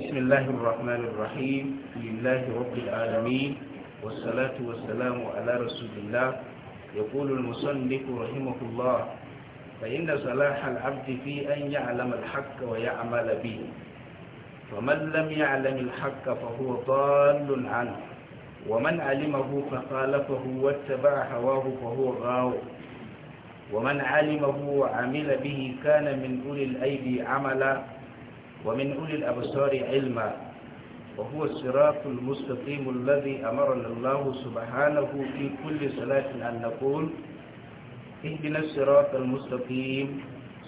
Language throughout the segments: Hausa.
بسم الله الرحمن الرحيم لله رب العالمين والصلاة والسلام على رسول الله يقول المصنف رحمه الله فإن صلاح العبد في أن يعلم الحق ويعمل به فمن لم يعلم الحق فهو ضال عنه ومن علمه فخالفه واتبع هواه فهو غاو ومن علمه وعمل به كان من أولي الأيدي عملا ومن أولي الأبصار علما وهو الصراط المستقيم الذي أمرنا الله سبحانه في كل صلاة أن نقول اهدنا الصراط المستقيم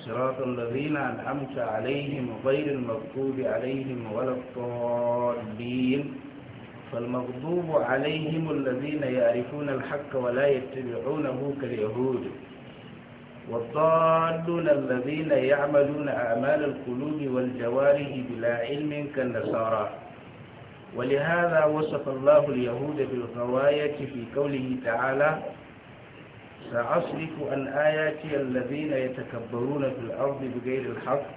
صراط الذين أنعمت عليهم غير المغضوب عليهم ولا الضالين فالمغضوب عليهم الذين يعرفون الحق ولا يتبعونه كاليهود والضالون الذين يعملون أعمال القلوب والجوارح بلا علم كالنصارى ولهذا وصف الله اليهود بالغواية في قوله تعالى سأصرف عن آياتي الذين يتكبرون في الأرض بغير الحق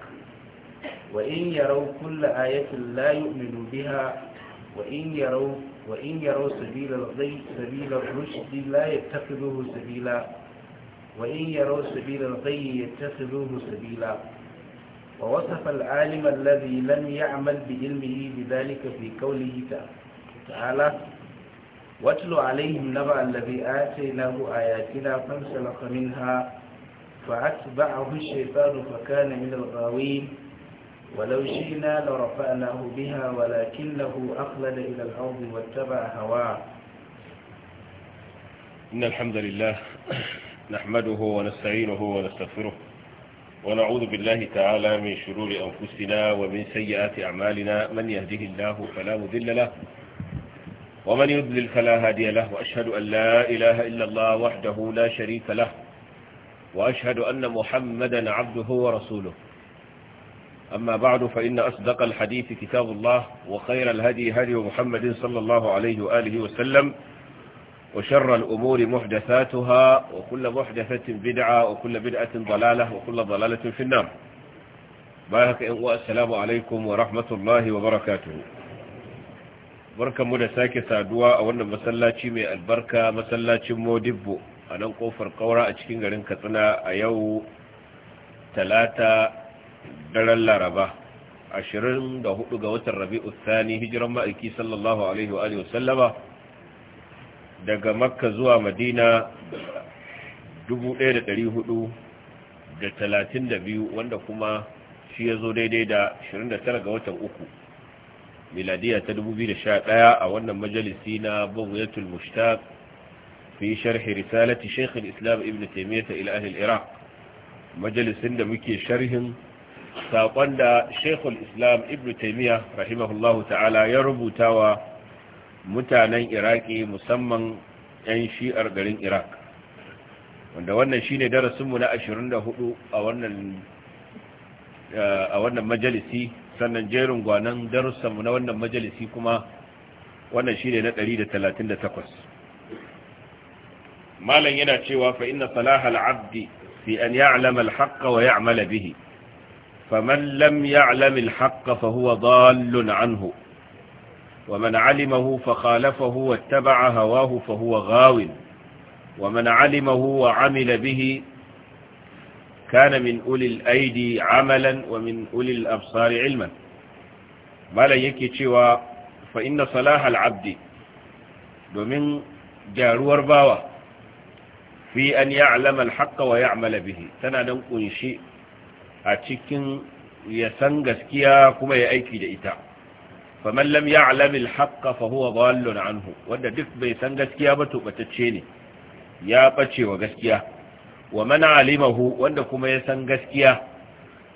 وإن يروا كل آية لا يؤمنوا بها وإن يروا, وإن يروا سبيل الغي سبيل الرشد لا يتخذه سبيلا وإن يروا سبيل الغي يتخذوه سبيلا ووصف العالم الذي لم يعمل بعلمه بذلك في قوله تعالى واتل عليهم نبع الذي آتيناه آياتنا فانسلق منها فأتبعه الشيطان فكان من الغاوين ولو شئنا لرفعناه بها ولكنه أخلد إلى الأرض واتبع هواه إن الحمد لله نحمده ونستعينه ونستغفره ونعوذ بالله تعالى من شرور أنفسنا ومن سيئات أعمالنا من يهده الله فلا مذل له ومن يذلل فلا هادي له وأشهد أن لا إله إلا الله وحده لا شريك له وأشهد أن محمدا عبده ورسوله أما بعد فإن أصدق الحديث كتاب الله وخير الهدي هدي محمد صلى الله عليه وآله وسلم وآله وسلم وشر الأمور محدثاتها وكل محدثة بدعة وكل بدعة ضلالة وكل ضلالة في النار بارك السلام عليكم ورحمة الله وبركاته بركة مدساك سادوا أولا مسلاتي من البركة مسلاتي مودب أنا نقوفر قورا أتكين غرين كتنا أيو ثلاثة دلال ربا عشرين دهوت قوة الربيع الثاني هجرا مائكي صلى الله عليه وآله وسلم وآله وسلم daga makka zuwa madina 1432 wanda kuma shi ya zo daidai da 29 ga watan uku miladiya ta 2011 a wannan majalisi na bugiyatul mushtaq fi sharhi risalati shaykh islam ibn taymiyyah ila ahli al-iraq majalisin da muke sharhin saƙon da shaykh islam ibn taymiyyah rahimahullahu ta'ala ya rubuta wa mutanen iraki musamman 'yan shi'ar garin iraq wanda wannan shi shine darasinmu na 24 a wannan eh, a wannan majalisi sannan jerin gwanan darussanmu na wannan majalisi kuma wannan shi ne na 138 malam yana cewa fa inna salaha al-abdi fi an ya'lama al-haqq wa ya'mala bihi faman lam ya'lam al-haqq fa huwa dallun anhu ومن علمه فخالفه واتبع هواه فهو غاو ومن علمه وعمل به كان من أولي الأيدي عملا ومن أولي الأبصار علما ما لا يكي فإن صلاح العبد domin jaruwar bawa fi an ya alamal haƙa wa ya amala bihi tana don ƙunshi a cikin ya san gaskiya kuma ya aiki da ita faman lam ya al-haqqa fa huwa Wallon anhu wanda duk bai san gaskiya ba to batacce ne ya ɓacewa wa gaskiya wa man alimahu wanda kuma ya san gaskiya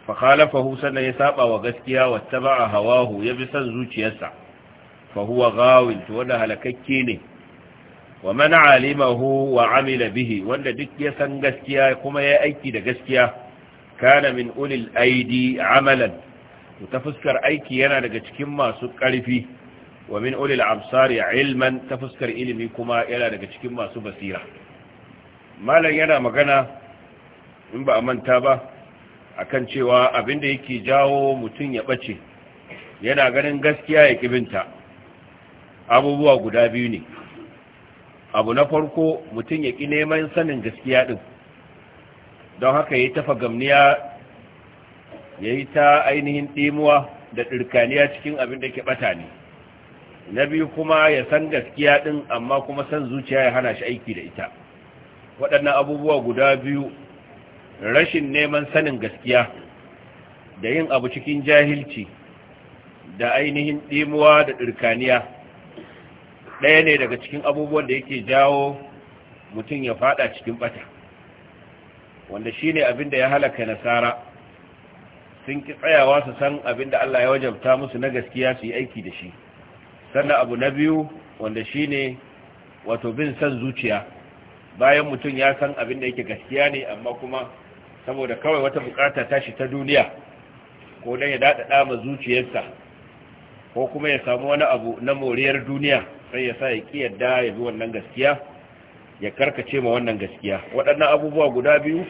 fa Fahu sannan ya saba wa gaskiya a hawahu ya bi san zuciyarsa fa huwa to wanda halakakke ne wa man alimahu wa amila bihi wanda duk ya san gaskiya kuma ya aiki da gaskiya kana min ulil aidi amalan to ta fuskar aiki yana daga cikin masu ƙarfi wa min ulil absari ilman ta fuskar ilimi kuma yana daga cikin masu basira malam yana magana in ba a manta ba akan cewa abin da yake jawo mutum ya bace yana ganin gaskiya ya kibinta abubuwa guda biyu ne abu na farko mutum ya ki neman sanin gaskiya din don haka ya tafa gamniya ya yi ta ainihin ɗimuwa da ɗirkaniya cikin abin da ke ɓata ne na biyu kuma ya san gaskiya ɗin amma kuma san zuciya ya hana shi aiki da ita waɗannan abubuwa guda biyu rashin neman sanin gaskiya da yin abu cikin jahilci da ainihin ɗimuwa da ɗirkaniya ɗaya ne daga cikin abubuwan da yake jawo mutum ya faɗa cikin ɓata wanda shi ne abin da ya halaka nasara sun ki tsayawa su san abin da Allah ya wajabta musu na gaskiya su yi aiki da shi sannan abu na biyu wanda shi ne wato bin san zuciya bayan mutum ya san abin da yake gaskiya ne amma kuma saboda kawai wata bukata tashi ta duniya ko don ya daɗaɗa ma zuciyarsa ko kuma ya samu wani abu na moriyar duniya sai ya sa ya ƙi yadda ya bi wannan gaskiya ya karkace ma wannan gaskiya waɗannan abubuwa guda biyu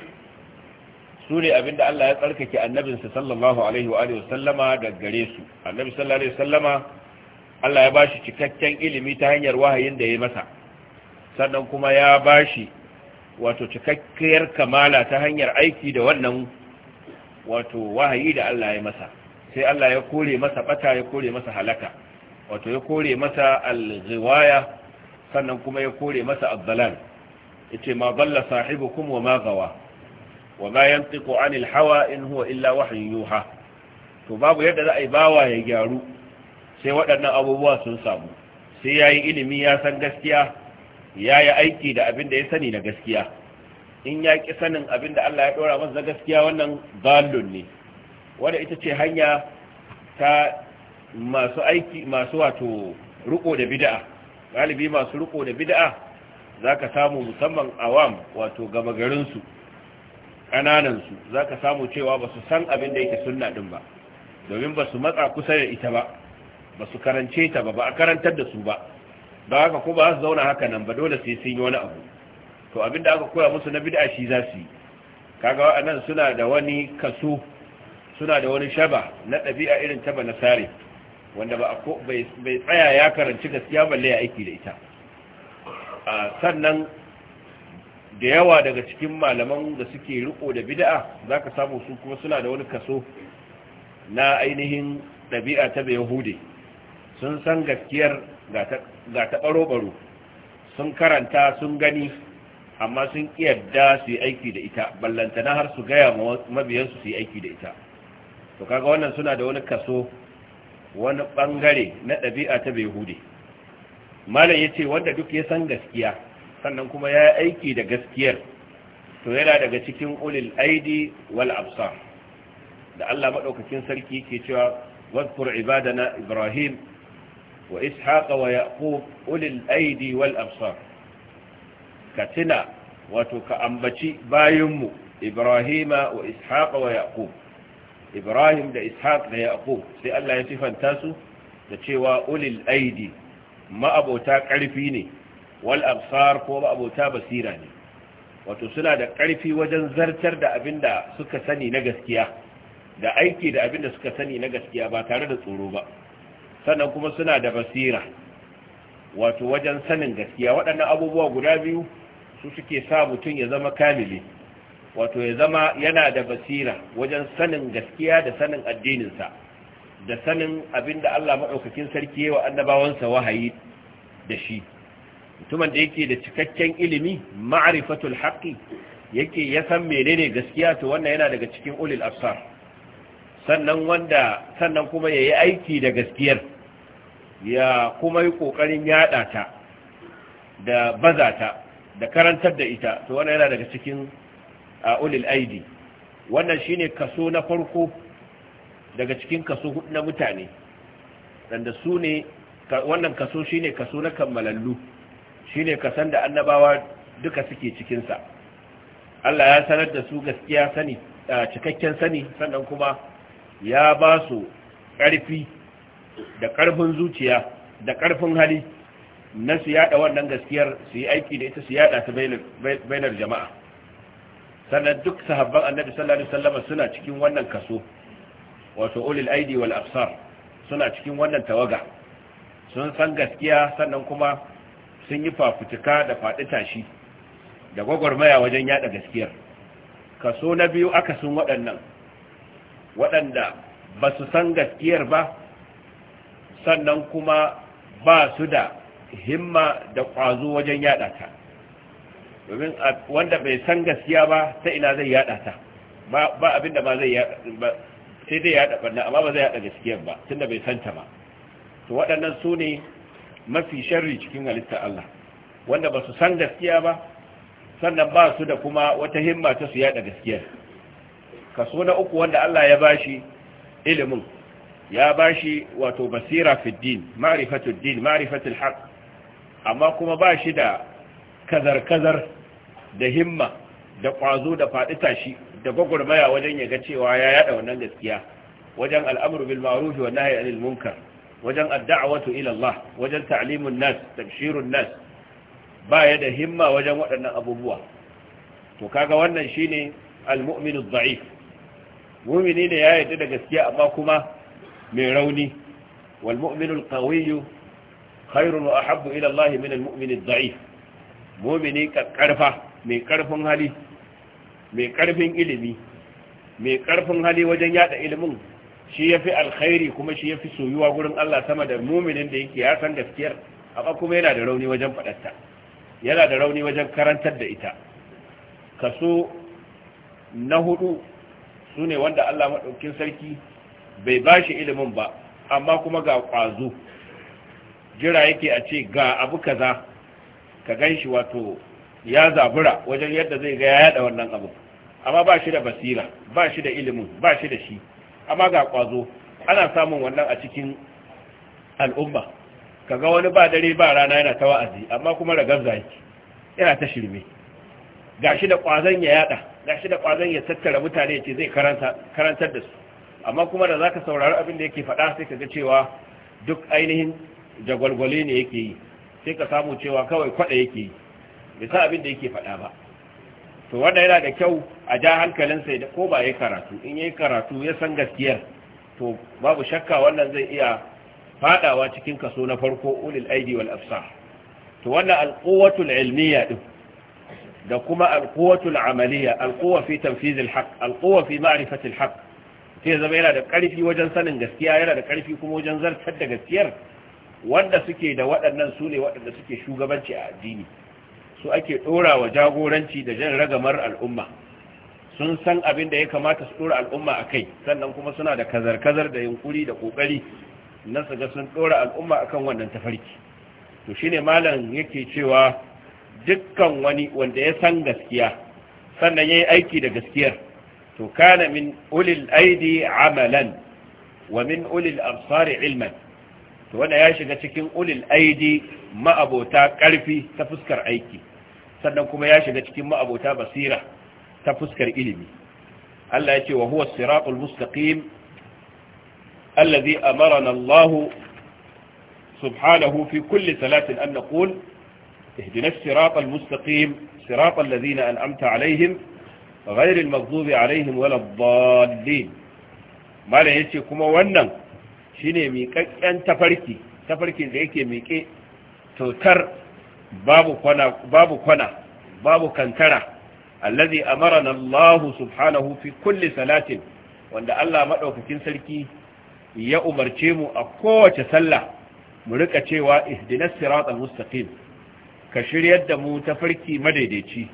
su ne abinda Allah ya tsarkake annabinsa sallallahu alaihi wa sallama da gare su annabi sallallahu alaihi sallama Allah ya bashi cikakken ilimi ta hanyar wahayin da ya masa sannan kuma ya bashi wato cikakkiyar kamala ta hanyar aiki da wannan wato wahayi da Allah ya masa sai Allah ya kore masa bata ya kore masa halaka wato ya kore masa alghiwaya sannan kuma ya kore masa ad yace ma balla sahibukum wa ma gawa wa ma yantiqu anil hawa in huwa illa wahyun yuha to babu yadda za a yi bawa ya gyaru sai waɗannan abubuwa sun samu sai yayi ilimi ya san gaskiya yayi aiki da abin da ya sani na gaskiya in ya ki sanin abin da Allah ya dora masa gaskiya wannan dallun ne wanda ita ce hanya ta masu aiki masu wato riko da bid'a galibi masu riko da bid'a zaka samu musamman awam wato gama garin su ƙananansu za ka samu cewa ba su san abin da yake sunna ɗin ba domin ba su matsa kusa da ita ba ba su karance ta ba ba a karantar da su ba don haka ko ba su zauna haka nan ba dole sai sun yi wani abu to abin da aka koya musu na bid'a shi za su yi kaga nan suna da wani kaso suna da wani shaba na ɗabi'a irin ta sare wanda ba bai tsaya ya karanci gaskiya balle ya aiki da ita sannan da yawa daga cikin malaman da suke riko da bid'a zaka samu su kuma suna da wani kaso na ainihin ɗabi'a ta yahudi sun san gaskiyar ga ta ɓaro baro sun karanta sun gani amma sun kiyarda su yi aiki da ita ballanta na har su gaya mabiyansu su yi aiki da ita to kaga wannan suna da wani kaso wani ɓangare na ɗabi'a ta yahudi malam ya ce wanda duk ya san gaskiya sannan kuma ya yi aiki da gaskiyar to yana daga cikin ulil aidi wal absa da Allah madaukakin sarki ke cewa wadhkur ibadana ibrahim wa ishaqa wa yaqub ulil aidi wal absa ka tina wato ka ambaci bayinmu ibrahima wa ishaqa wa yaqub ibrahim da ishaq da yaqub sai Allah ya sifanta su da cewa ulil aidi abota ƙarfi ne wal absar ko abota basira ne wato suna da ƙarfi wajen zartar da abin da suka sani na gaskiya da aiki da abin da suka sani na gaskiya ba tare da tsoro ba sannan kuma suna da basira wato wajen sanin gaskiya waɗannan abubuwa guda biyu su suke sa mutum ya zama kamili wato ya zama yana da basira wajen sanin gaskiya da sanin addininsa da sanin abin da Allah maɗaukakin sarki yawa annabawansa wahayi da shi mutumin da yake da cikakken ilimi ma'rifatul haqqi yake ya san menene gaskiya to wannan yana daga cikin ulil absar sannan wanda sannan kuma yayi aiki da gaskiyar ya kuma yi kokarin yada ta da bazata, da karantar da ita to wannan yana daga cikin ulil aidi wannan shine kaso na farko daga cikin kaso hudu na mutane wanda su ne wannan kaso shine kaso na kammalallu Shi shine kasan da annabawa duka suke cikinsa Allah ya sanar da su gaskiya sani cikakken sani sannan kuma ya ba su ƙarfi da ƙarfin zuciya da ƙarfin hali na su yada wannan gaskiyar su yi aiki da ita su yada ta bainar jama'a sannan duk sahabban annabi sallallahu alaihi wasallam suna cikin wannan kaso wato ulil aidi wal absar suna cikin wannan tawaga sun san gaskiya sannan kuma sun yi fafutuka da faɗi tashi da gwagwarmaya wajen yada gaskiyar kaso na biyu akasin waɗannan waɗanda ba su san gaskiyar ba sannan kuma ba su da himma da ƙwazo wajen yada ta domin wanda bai san gaskiya ba ta ina zai yada ta ba abinda ma zai yada sai dai yada ba amma ba zai yada gaskiyar ba tunda bai san ta ba to waɗannan su ne mafi sharri cikin halitta Allah wanda ba su san gaskiya ba sannan ba su da kuma wata himma ta su yada gaskiya kaso na uku wanda Allah ya bashi ilimin ya bashi wato basira fi din ma'rifatul din ma'rifatul haqq amma kuma bashi da kazar-kazar da himma da kwazo da faɗi tashi da gwagwarmaya wajen ya ga cewa ya yada wannan gaskiya wajen al'amru bil ma'ruf wa nahyi anil munkar wajen adda'a watu Allah wajen ta'limun nas tabshirun nas baya da himma wajen waɗannan abubuwa to kaga wannan shine almu'minu dha'if mu'mini ne ya yarda da gaskiya amma kuma mai rauni wal mu'minu alqawiyyu khairun wa ahabbu ila min almuminu dhaif mu'mini karfa mai karfin hali mai karfin ilimi mai karfin hali wajen yada ilimin shi ya fi alkhairi kuma shi ya fi soyuwa gurin Allah sama da muminin da yake ya san gaskiyar amma kuma yana da rauni wajen fadarta yana da rauni wajen karantar da ita kaso na hudu su ne wanda Allah madaukin sarki bai ba shi ilimin ba amma kuma ga kwazo jira yake a ce ga abu kaza ka ganshi wato ya zabura wajen yadda zai ga ya yada wannan abu amma ba shi da basira ba shi da ilimin ba shi da shi amma ga kwazo ana samun wannan a cikin al'umma kaga wani ba dare ba rana yana ta wa'azi amma kuma ragar yake yana ta shirme gashi da kwazon ya yada gashi da kwazon ya tattara mutane ya ce zai karantar da su amma kuma da zaka saurari abin da yake faɗa sai kaga cewa duk ainihin jagwalgwale ne yake yi sai ka samu cewa kawai kwaɗa yake yi bai sa abin da yake faɗa ba to wanda yana da kyau a ja hankalinsa ko ba ya karatu in ya karatu ya san gaskiyar to babu shakka wannan zai iya fadawa cikin kaso na farko ulil aidi wal afsa to wannan alquwatul ilmiya din da kuma alquwatul amaliya alquwa fi tanfiz alhaq alquwa fi ma'rifati alhaq sai zama yana da karfi wajen sanin gaskiya yana da karfi kuma wajen zartar da gaskiyar wanda suke da waɗannan su ne waɗanda suke shugabanci a addini su ake dora wa jagoranci da jan ragamar al'umma sun san abin da ya kamata su dora al'umma a kai sannan kuma suna da kazar-kazar da yunkuri da kokari na su ga sun dora al'umma akan wannan tafarki to shine malam yake cewa dukkan wani wanda ya san gaskiya sannan yayi aiki da gaskiyar to kana min ulil aidi amalan wa min ulil absari ilman to wanda ya shiga cikin ulil aidi ma'abota ƙarfi ta fuskar aiki sannan kuma ya shiga cikin ma'abota basira ta fuskar ilimi Allah ya ce wa huwa siratul mustaqim alladhi amarana Allah subhanahu fi kulli salatin an naqul ihdinas siratal mustaqim siratal ladhina an'amta alaihim ghayril maghdubi alaihim waladdallin malam yace kuma wannan shine miƙaƙƙen tafarki tafarkin da yake miƙe tautar babu kwana babu kantara allazi amarana Allah subhanahu fi kulli salatin wanda Allah madaukakin sarki ya umarce mu a kowace sallah mu rika cewa ihdinas siratal mustaqim ka shiryar da mu tafarki madaidaici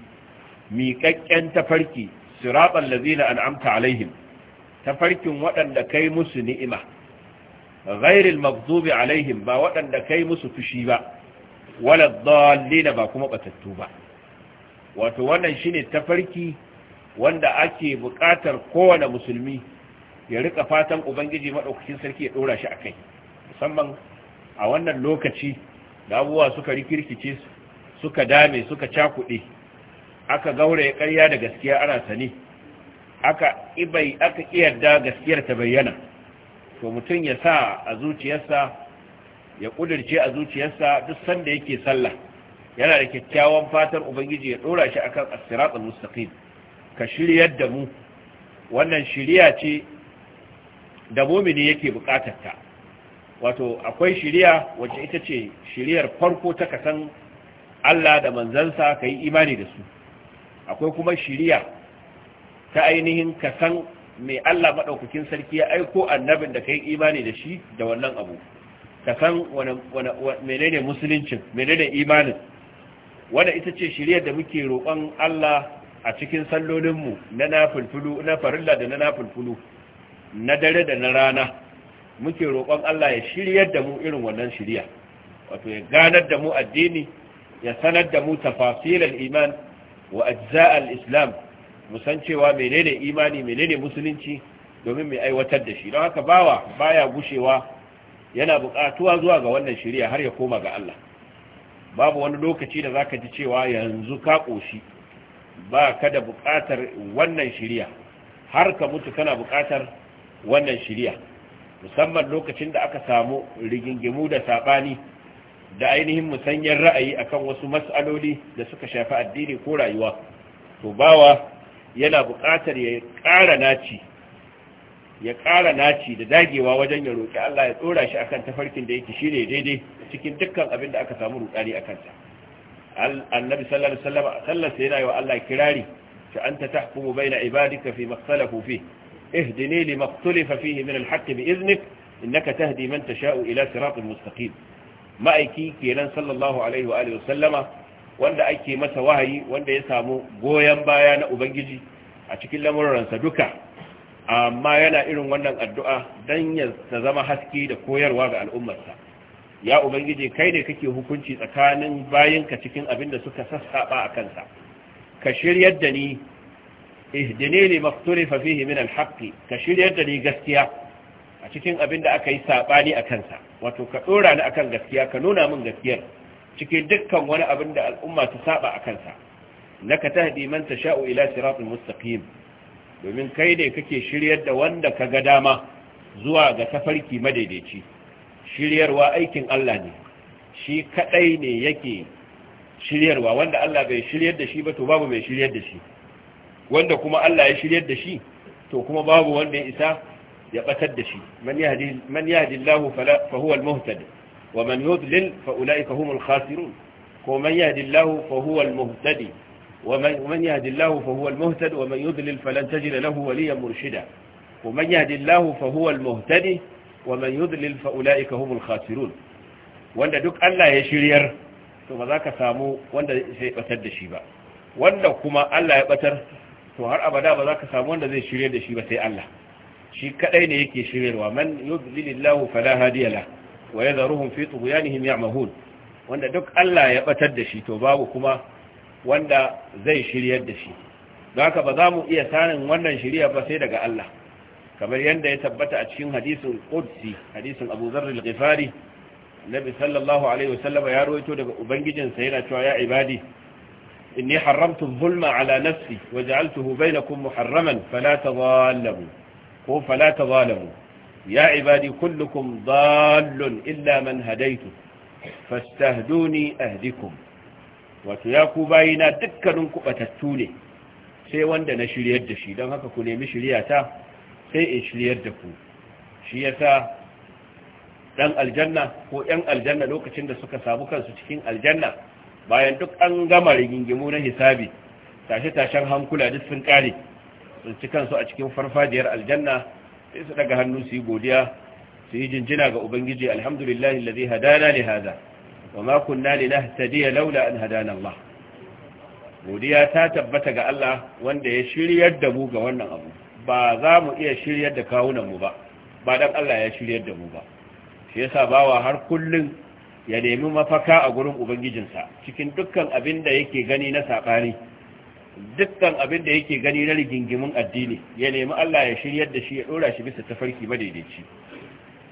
miƙaƙƙen tafarki siratal ladzina an'amta alaihim tafarkin waɗanda kai musu ni'ima ghairil maghdubi alaihim ba waɗanda kai musu fushi ba wala dallina ba kuma batattu ba wato wannan shine tafarki wanda ake buƙatar kowane musulmi ya rika fatan ubangiji madaukakin sarki ya dora shi akai musamman a wannan lokaci da abuwa suka rikirkice suka dame suka cakude aka gauraya ƙarya da gaskiya ana sani aka ibai aka gaskiyar ta bayyana to mutum ya sa a zuciyarsa ya kudirce a zuciyarsa duk sanda yake sallah yana da kyakkyawan fatan ubangiji ya dora shi akan as-siratal mustaqim ka shiryar da mu wannan shiriya ce da mumini yake bukatar ta wato akwai shiriya wacce ita ce shiriyar farko ta kasan Allah da manzansa ka imani da su akwai kuma shiriya ta ainihin kasan mai Allah madaukakin sarki ya aiko annabin da ka yi imani da shi da wannan abu takan san menene musuluncin menene imanin wanda ita ce shirya da muke roƙon Allah a cikin sallolinmu na nafulfulu na farilla da na nafulfulu na dare da na rana muke roƙon Allah ya shiryar da mu irin wannan shirya wato ya ganar da mu addini ya sanar da mu tafasilan iman wa ajza'al islam musan cewa menene imani menene musulunci domin mai aiwatar da shi don haka bawa baya gushewa yana buƙatuwa zuwa ga wannan shari'a har ya koma ga Allah babu wani lokaci da zaka ji cewa yanzu ka koshi ba ka da buƙatar wannan shari'a har ka mutu kana buƙatar wannan shari'a musamman lokacin da aka samu rigingimu da sabani da ainihin musanyen ra'ayi akan wasu mas'aloli da suka shafi addini ko rayuwa to bawa yana buƙatar ya ƙara naci ya ƙara naci da dagewa wajen ya roƙi Allah ya tsora shi akan tafarkin da yake shine daidai cikin dukkan abin da aka samu rudani a kansa annabi sallallahu alaihi wasallam sallarsa yana yi wa Allah kirari ta anta tahkumu baina ibadika fi makhtalafu fi ihdini li makhtalafa fihi min al-haqq bi iznik innaka tahdi ta sha'u ila siratin mustaqim ma'aiki kenan sallallahu alaihi wa alihi wasallama wanda ake masa wahayi wanda ya samu goyon baya na ubangiji a cikin lamuransa duka amma yana irin wannan addu'a dan ya zama haske da koyarwa ga al'ummarsa ya ubangiji kai ne kake hukunci tsakanin bayinka cikin abin da suka sassaba a kansa ka shiryar da ni ihdine li makturifa fihi min alhaqi ka shiryar da ni gaskiya a cikin abin da aka yi sabani a kansa wato ka dora ni akan gaskiya ka nuna min gaskiyar cikin dukkan wani abin da al'umma ta saba a kansa naka tahdi man tasha'u ila siratul mustaqim domin kai ne kake shiryar da wanda ka ga dama zuwa ga tafarki madaidaici shiryarwa aikin Allah ne shi kadai ne yake shiryarwa wanda Allah bai shiryar da shi ba to babu mai shiryar da shi wanda kuma Allah ya shiryar da shi to kuma babu wanda ya isa ya batar da shi man yahdi man yahdi Allah fa huwa al-muhtad wa man yudlil fa ulaika humul khasirun ko man yahdi Allah fa huwa al-muhtadi ومن يهد الله فهو المهتد ومن يضلل فلن تجد له وليا مرشدا ومن يهد الله فهو المهتدي ومن يضلل فأولئك هم الخاسرون wanda duk Allah ya shiryar to ba za ka samu wanda zai batar da shi ba wanda kuma Allah ya batar to har abada ba za ka samu wanda zai shiryar da shi ba sai Allah shi kadai ne yake shiryarwa man yudlilillahu fala hadiya la wa yadharuhum fi tughyanihim ya'mahun wanda duk Allah ya batar da shi to babu kuma wanda zai shiryar da shi haka ba za mu iya sanin wannan shirya ba sai daga Allah kamar yadda ya tabbata a cikin hadisin qudsi hadisin Abu Dharr al-Ghifari Nabi sallallahu alaihi wasallam ya rawaito daga sa yana cewa ya ibadi inni haramtu zulma ala nafsi wa ja'altuhu bainakum muharraman fala tadhallamu ko fala tadhallamu ya ibadi kullukum dhallun illa man hadaytu fastahduni ahdikum wato ya ku bayina dukkanin kubatattu ne sai wanda na shiryar da shi don haka ku nemi shirya ta sai in shiryar da ku shi yasa ɗan aljanna ko yan aljanna lokacin da suka samu kansu cikin aljanna bayan duk an gama rigingimu na hisabi tashe-tashen hankula duk sun kare sun ci kansu a cikin farfajiyar aljanna sai su daga hannu su yi godiya su yi jinjina ga ubangiji alhamdulillahi ladhi hadana li hada وما كنا لنهتدي لولا laula an الله godiya ta tabbata ga Allah wanda ya shiryar da mu ga wannan abu ba za mu iya shiryar da kawunan mu ba ba dan Allah ya shiryar da mu ba shi yasa bawa har kullun ya nemi mafaka a gurin ubangijinsa cikin dukkan abin da yake gani na saɓani dukkan abin da yake gani na rigingimin addini ya nemi Allah ya shiryar da shi ya ɗora shi bisa tafarki madaidaici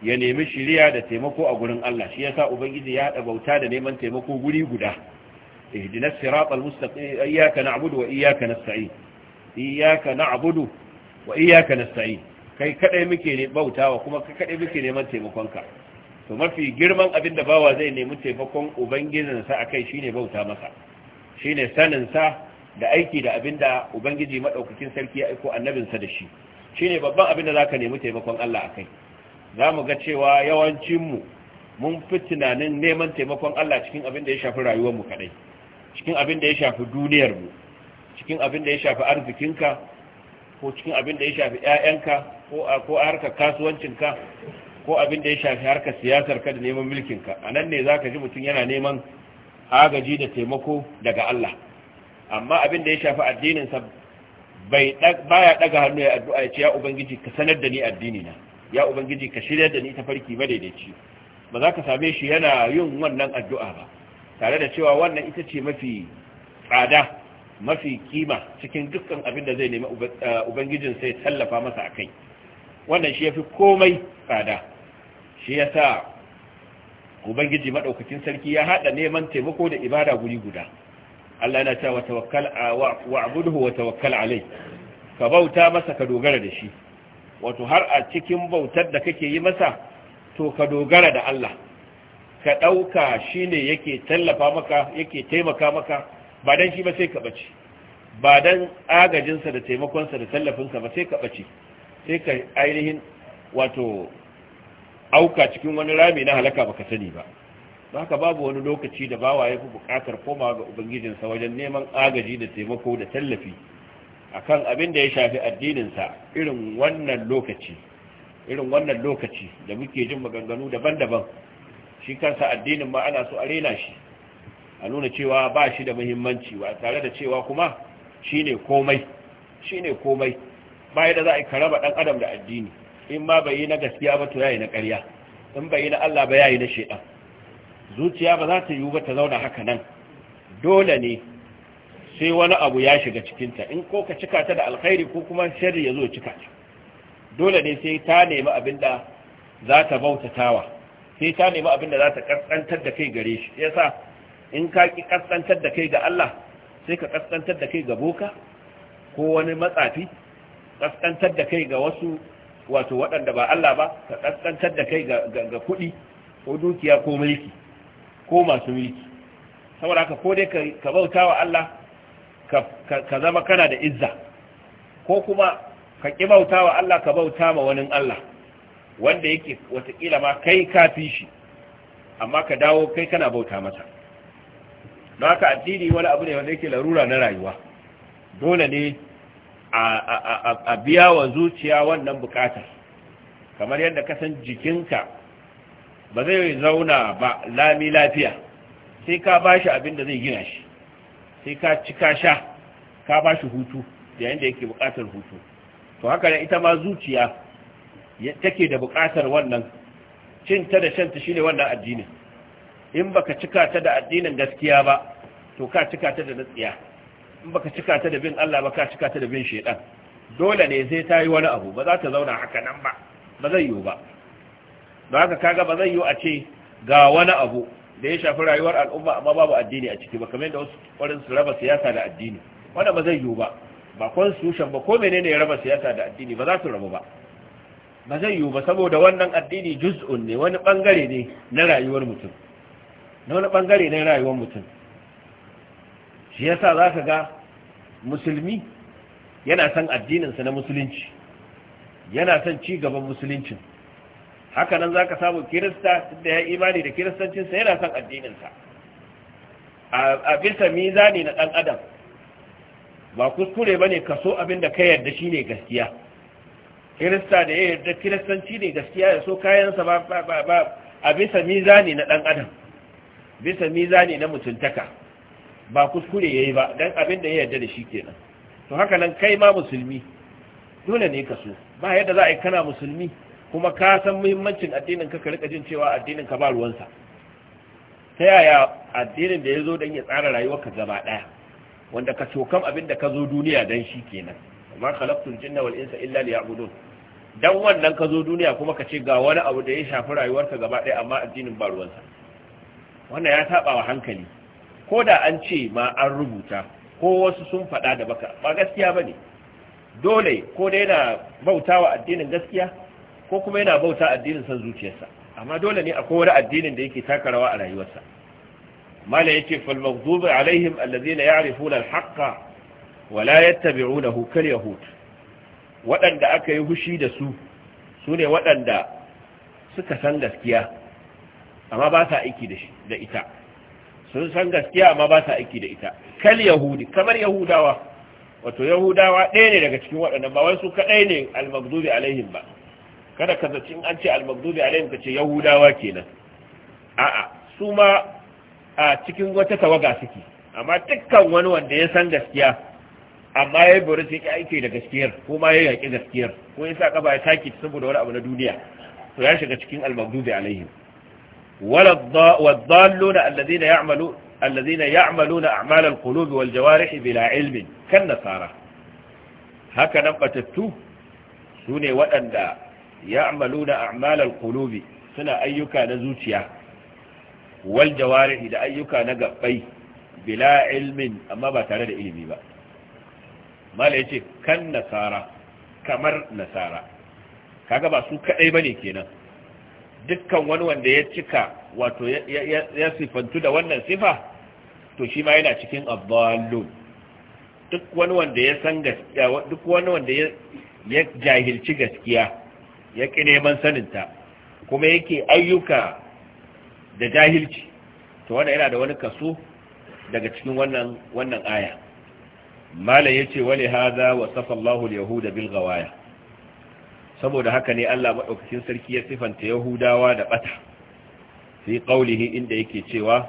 ya nemi shiriya da taimako a gurin Allah shi yasa ubangiji ya hada bauta da neman taimako guri guda ihdinas siratal mustaqim iyyaka na'budu wa iyyaka nasta'in iyyaka na'budu wa iyyaka nasta'in kai kadai muke ne bautawa kuma kai kadai muke neman taimakon ka. to mafi girman abin da bawa zai nemi taimakon ubangijinsa akai shine bauta masa shine sanin sa da aiki da abin da ubangiji madaukakin sarki ya aiko annabinsa da shi shine babban abin da zaka nemi taimakon Allah akai za mu ga cewa yawancinmu mun fi tunanin neman taimakon Allah cikin abin da ya shafi rayuwarmu kadai cikin abin da ya shafi duniyarmu cikin abin da ya shafi arzikinka ko cikin abin da ya shafi 'ya'yanka ko a harkar kasuwancinka ko abin da ya shafi harkar siyasarka da neman mulkinka a nan ne za ka ji mutum yana neman agaji da taimako daga Allah amma abin da ya shafi addininsa baya daga hannu ya addu'a ya ce ya ubangiji ka sanar da ni addinina ya ubangiji ka shirya da ni ta farki madaidaici ba za ka same shi yana yin wannan addu'a ba tare da cewa wannan ita ce mafi tsada mafi kima cikin dukkan abin da zai nemi eh, ubangijin sai tallafa masa a kai wannan shi ya fi komai tsada shi ya sa ubangiji maɗaukacin sarki ya haɗa neman taimako da ibada guri guda Allah yana cewa tawakkal wa abudu wa tawakkal alai ka bauta masa ka dogara da shi wato har a cikin bautar da kake yi masa to ka dogara da Allah ka ɗauka shi ne yake tallafa maka yake taimaka maka ba don shi ba sai ka ɓace ba don agajinsa da taimakonsa da tallafinsa ba sai ka ɓace sai ka ainihin wato auka cikin wani rami na halaka baka sani ba haka babu wani lokaci da bawa ya fi buƙatar komawa ga ubangijinsa wajen neman agaji da taimako da tallafi akan abin da ya shafi addininsa irin wannan lokaci irin wannan lokaci da muke jin maganganu daban-daban shi kansa addinin ma ana so a rena shi a nuna cewa ba shi da muhimmanci ba tare da cewa kuma shi ne komai shi ne komai bayan da za a yi karaba ɗan adam da addini in ma bai yi na gaskiya ba to yayi na ƙarya in bai yi na Allah ba yayi na shaidan zuciya ba za ta yiwu ba ta zauna haka nan dole ne sai wani abu ya shiga cikinta in ko ka cika ta da alkhairi ko kuma sharri ya zo cika ta dole ne sai ta nemi abin da za ta bautatawa sai ta nemi abin da za ta kaskantar da kai gare shi yasa in ka ki kaskantar da kai ga Allah sai ka kaskantar da kai ga boka ko wani matsafi kaskantar da kai ga wasu wato waɗanda ba Allah ba ka kaskantar da kai ga kuɗi ko dukiya ko mulki ko masu mulki saboda haka ko dai ka bauta wa Allah ka zama kana da izza ko kuma ka ƙi bauta wa Allah ka bauta ma wani Allah wanda yake watakila ma kai kafi shi amma ka dawo kai kana bauta masa don haka addini wani abu ne wanda yake larura na rayuwa dole ne a biya wa zuciya wannan bukatar kamar yadda ka san jikinka ba zai zauna ba lami lafiya sai ka bashi abin da zai gina shi sai ka ci ka sha ka ba shi hutu yayin da yake buƙatar hutu to haka ne ita ma zuciya take da buƙatar wannan cin ta da shan ta shine wannan addinin in baka cika ta da addinin gaskiya ba to ka cika ta da natsiya in baka cika ta da bin Allah ba ka cika ta da bin shedan dole ne sai ta yi wani abu ba za ta zauna haka nan ba ba zai yiwu ba don haka kaga ba zai yiwu a ce ga wani abu da ya shafi rayuwar al'umma amma babu addini a ciki ba kamar yadda wasu kwarin su raba siyasa da addini wanda ba zai yiwu ba ba constitution ba ko menene ya raba siyasa da addini ba za su raba ba ba zai yiwu ba saboda wannan addini juz'un ne wani bangare ne na rayuwar mutum na wani bangare ne na rayuwar mutum shi yasa za ka ga musulmi yana son sa na musulunci yana son ci gaban musuluncin haka nan zaka samu kirista da ya imani da kiristancin sa yana son addinin sa a bisa mizani na dan adam ba kuskure bane kaso abin da ka yarda shine gaskiya kirista da ya yarda kiristanci ne gaskiya ya so kayan sa ba ba a bisa mizani na dan adam bisa mizani na mutuntaka ba kuskure yayi ba dan abin da ya yarda da shi kenan to haka nan kai ma musulmi dole ne ka so ba yadda za a yi kana musulmi kuma ka san muhimmancin addinin ka rika jin cewa addinin ka ba ruwansa ta yaya addinin da ya zo don ya tsara rayuwarka gaba ɗaya wanda ka cokam abin da ka zo duniya don shi kenan amma khalaqtul jinna wal insa illa liya'budun dan wannan ka zo duniya kuma ka ce ga wani abu da ya shafi rayuwarka gaba ɗaya amma addinin ba ruwansa wannan ya saba wa hankali ko da an ce ma an rubuta ko wasu sun faɗa da baka ba gaskiya bane dole ko da yana bautawa addinin gaskiya ko kuma yana bauta addinin san zuciyarsa amma dole ne akwai wani addinin da yake taka rawa a rayuwarsa mala yace fal maghdubi alaihim alladhina ya'rifuna al-haqqa wa la yattabi'unahu kal yahud waɗanda aka yi hushi da su sune waɗanda suka san gaskiya amma ba sa aiki da ita sun san gaskiya amma ba sa aiki da ita kal yahudi kamar yahudawa wato yahudawa ɗaya ne daga cikin waɗannan ba wai su kaɗai ne al-maghdubi alaihim ba kada ka zaci in an ce al-maghdubi alaihim kace yahudawa kenan a'a su ma a cikin wata tawaga suke amma dukkan wani wanda ya san gaskiya amma ya bari sai aiki da gaskiyar ko ma ya yaki gaskiyar ko ya sa kafa ya take saboda wani abu na duniya to ya shiga cikin al-maghdubi alaihim wala wadh-dhalluna alladhina ya'malu alladhina ya'maluna a'mal al-qulub wal jawarih bila ilmin kan nasara haka nan batattu su ne waɗanda da a'malal qulubi suna ayyuka na zuciya wal jawarihi da ayyuka na gabbai bila ilmin amma ba tare da ilimi ba mala yace kan nasara kamar nasara kaga ba su kadai bane kenan dukkan wani wanda ya cika wato ya sifantu da wannan sifa to shi ma yana cikin abdallun duk wani wanda ya san gaskiya duk wani wanda ya jahilci gaskiya ƙi neman saninta kuma yake ayyuka da jahilci Ta wanda yana da wani kaso daga cikin wannan wannan aya mala ya ce hadha wasafa Allahu al-yahuda bil ghawaya saboda haka ne Allah madaukakin sarki ya sifanta yahudawa da ɓata. fi qawlihi inda yake cewa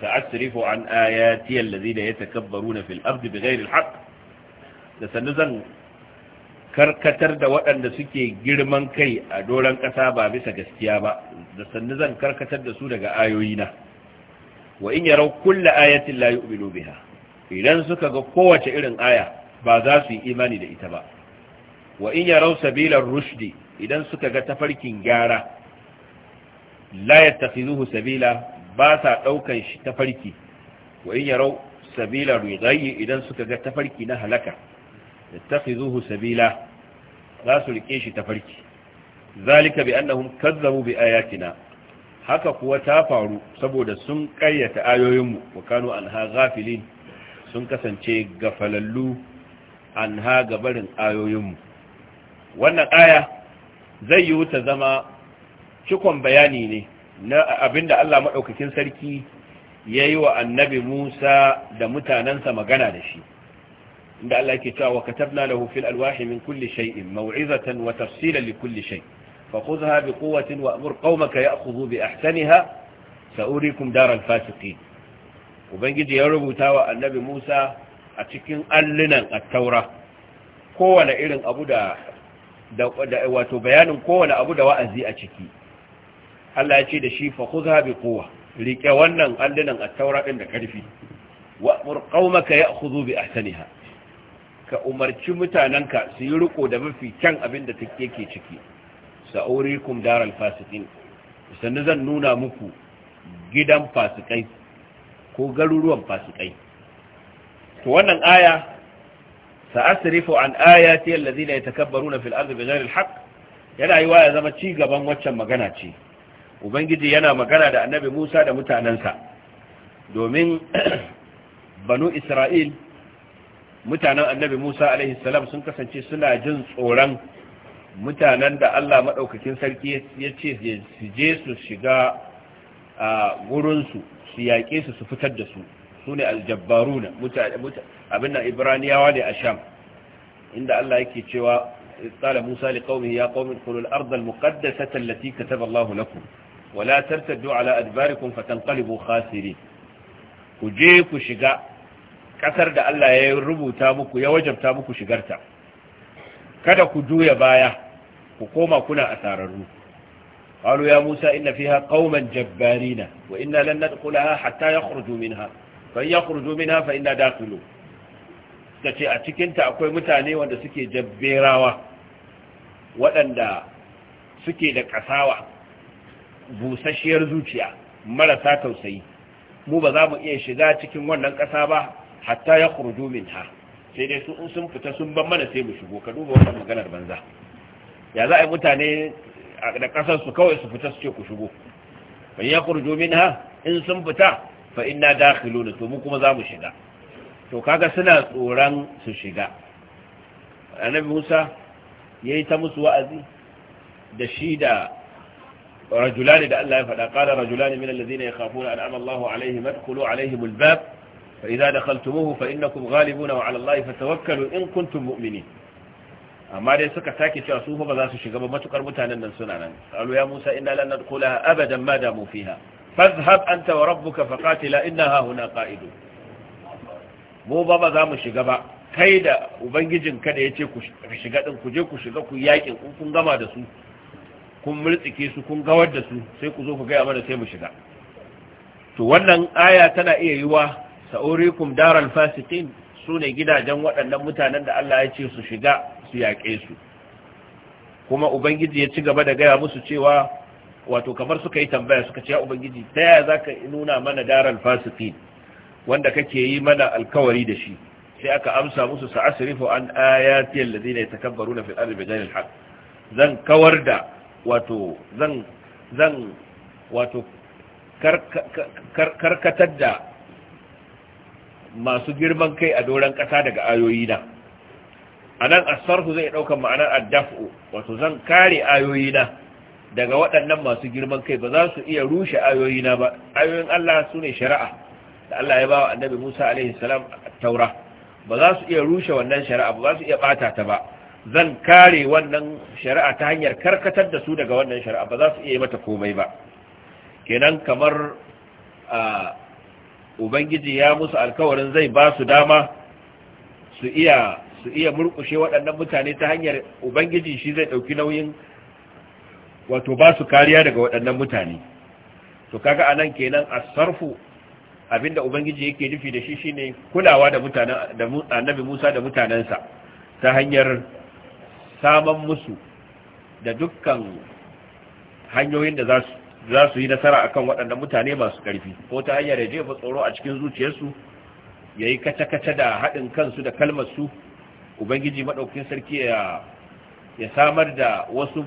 sa'asrifu an ayati alladhina yatakabbaruna ya ardi bighayri al-haqq da sannu zan karkatar da waɗanda suke girman kai a doron ƙasa ba bisa gaskiya ba da sannu zan karkatar da su daga ayoyina wa in yarau kulla ayatin la yu'minu biha idan suka ga kowace irin aya ba za su yi imani da ita ba wa in yarau sabilar rushdi idan suka ga tafarkin gyara la yattakhizuhu sabila ba sa daukan shi tafarki wa in yarau sabilar ridayi idan suka ga tafarki na halaka yattakhidhuhu sabila za su rike shi tafarki zalika bi annahum kazzabu bi ayatina haka kuwa ta faru saboda sun karyata ayoyinmu wa kanu anha ghafilin sun kasance gafalallu anha gabarin ayoyinmu wannan aya zai yi ta zama cikon bayani ne na abinda Allah maɗaukakin sarki ya yi wa annabi Musa da mutanensa magana da shi inda Allah ke cewa katabna lahu fil alwahi min kulli shay'in maw'izatan wa tafsilan li kulli shay fakhudha bi quwwatin wa amur qaumaka ya'khudhu bi ahsaniha sa'urikum daral fasiqin ubangiji ya rubuta wa annabi Musa a cikin allinan at-taura kowane irin abu da wato bayanin kowane abu da wa'azi a ciki Allah ya ce da shi fa fakhudha bi quwwa rike wannan allinan at-taura din da karfi wa amur qaumaka ya'khudhu bi ahsaniha ka umarci mutanenka su yi riko da mafi kyan abin da ke ciki sa'urikum daral fasikin sannu zan nuna muku gidan fasikai ko garuruwan fasikai to wannan aya sa'asrifu an ayati allazina yatakabbaruna fil ardi bighayri alhaq yana yi waya zama ci gaban waccan magana ce ubangiji yana magana da annabi Musa da mutanansa domin banu Isra'il mutanen annabi Musa alaihi salam sun kasance suna jin tsoron mutanen da Allah maɗaukakin sarki ya ce su je su shiga a su yaƙe su su fitar da su su ne aljabbaruna abin nan ibraniyawa ne a sham inda Allah yake cewa قال موسى لقومه يا قوم ادخلوا الأرض المقدسة التي كتب الله لكم ولا ترتدوا على khasiri ku je ku shiga. ƙasar da Allah ya rubuta muku ya wajabta muku shigarta kada ku juya baya ku koma kuna a asararru qalu ya musa inna fiha qauman jabbarina wa inna lan nadkhulaha hatta yakhruju minha fa yakhruju minha fa inna dakhilu tace a cikin ta akwai mutane wanda suke jabberawa waɗanda suke da kasawa busashiyar zuciya marasa tausayi mu ba za mu iya shiga cikin wannan kasa ba hatta ya kurju minha sai dai su sun fita sun ban mana sai mu shigo ka duba wannan maganar banza ya za a yi mutane da kasar su kawai su fita su ce ku shigo in ya kurju minha in sun fita fa inna dakhiluna to mu kuma za mu shiga to kaga suna tsoron su shiga annabi Musa yayi ta musu wa'azi da shi da rajulani da Allah ya faɗa qala rajulani min alladhina yakhafuna an'ama Allahu alaihim adkhulu alaihim albab فإذا دخلتموه فإنكم غالبون وعلى الله فتوكلوا إن كنتم مؤمنين amma dai suka sake cewa su ba za su shiga ba matukar mutanen nan suna nan qalu ya Musa inna lan nadkhulaha abadan ma damu fiha fadhhab anta wa rabbuka faqatila innaha huna qa'idun mu ba ba za mu shiga ba kai da ubangijin ka da yace ku shiga din ku je ku shiga ku yakin ku kun gama da su kun murtsike su kun gawar da su sai ku zo ku ga mana sai mu shiga to wannan aya tana iya yiwa sa'urikum daral su sune gidajen waɗannan mutanen da Allah ya ce su shiga su yaƙe su kuma ubangiji ya ci gaba da gaya musu cewa wato kamar suka yi tambaya suka ce ya ubangiji ta yaya zaka nuna mana daral fasiqin wanda kake yi mana alkawari da shi sai aka amsa musu sa'asrifu an ayati na yatakabbaruna fil da bighayri alhaq zan kawar da wato zan zan wato karkatar da masu girman kai a doron ƙasa daga ayoyi na a nan asarhu zai ɗaukar ma'anar addafu wato zan kare ayoyi na daga waɗannan masu girman kai ba za su iya rushe ayoyi na ba ayoyin Allah su ne shari'a da Allah ya ba wa annabi Musa alaihi salam taura ba za su iya rushe wannan shari'a ba za su iya bata ta ba zan kare wannan shari'a ta hanyar karkatar da su daga wannan shari'a ba za su iya yi mata komai ba kenan kamar a ubangiji ya musu alkawarin zai ba su dama su iya su iya murkushe waɗannan mutane ta hanyar ubangiji shi zai ɗauki nauyin wato ba su kariya daga waɗannan mutane to kaga anan kenan sarfu abinda ubangiji yake nufi da shi shine kulawa da mutanen da annabi Musa da mutanansa ta hanyar saman musu da dukkan hanyoyin da za su za su yi nasara akan waɗannan mutane masu ƙarfi ko ta hanyar ya jefa tsoro a cikin zuciyarsu ya yi kace-kace da haɗin kansu da kalmar su ubangiji maɗaukin sarki ya samar da wasu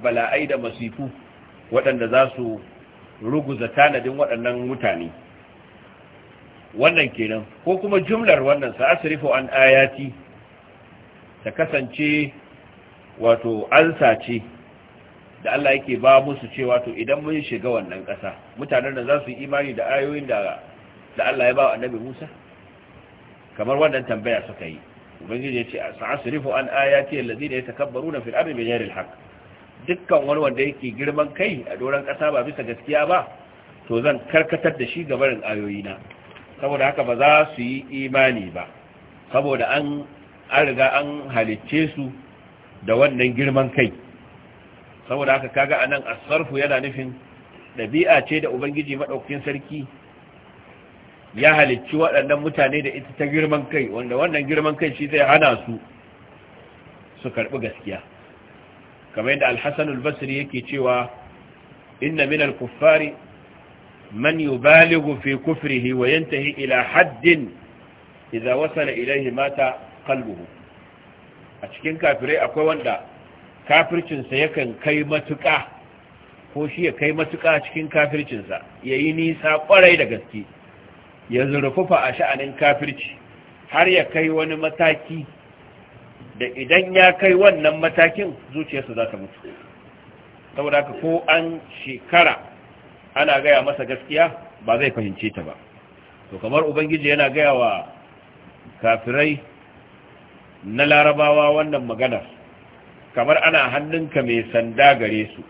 bala'ai da masifu waɗanda za su ruguza tanadin waɗannan mutane wannan kenan ko kuma jumlar wannan sa'asrifu an ayati ta kasance wato ansa ce da Allah yake ba musu cewa to idan mun shiga wannan ƙasa mutanen da za su yi imani da ayoyin da da Allah ya ba wa annabi Musa kamar wannan tambaya suka yi ubangiji ya ce sa'asrifu an ayati alladhina yatakabbaruna fil ardi bighayri alhaq dukkan wani wanda yake girman kai a doran ƙasa ba bisa gaskiya ba to zan karkatar da shi gabarin na saboda haka ba za su yi imani ba saboda an an riga an halicce su da wannan girman kai saboda haka kaga anan asarfu yana nufin dabi'a ce da ubangiji madaukakin sarki ya halicci waɗannan mutane da ita ta girman kai wanda wannan girman kai shi zai hana su su karɓi gaskiya kamar yadda al basri yake cewa inna min al-kuffari al-kuffari man yubaligu fi kufrihi wa yantahi ila haddin idza wasala ilayhi mata qalbuhu a cikin kafirai akwai wanda kafircinsa yakan kai matuƙa ko shi ya kai matuka cikin kafircinsa ya yi nisa ƙwarai da gaske ya zurfufa a sha'anin kafirci har ya kai wani mataki da idan ya kai wannan matakin zuciyarsa za ta mutu saboda haka ko an shekara ana gaya masa gaskiya ba zai fahimce ta ba to kamar ubangiji yana gaya wa kafirai na larabawa wannan maganar kamar ana hannunka mai sanda gare su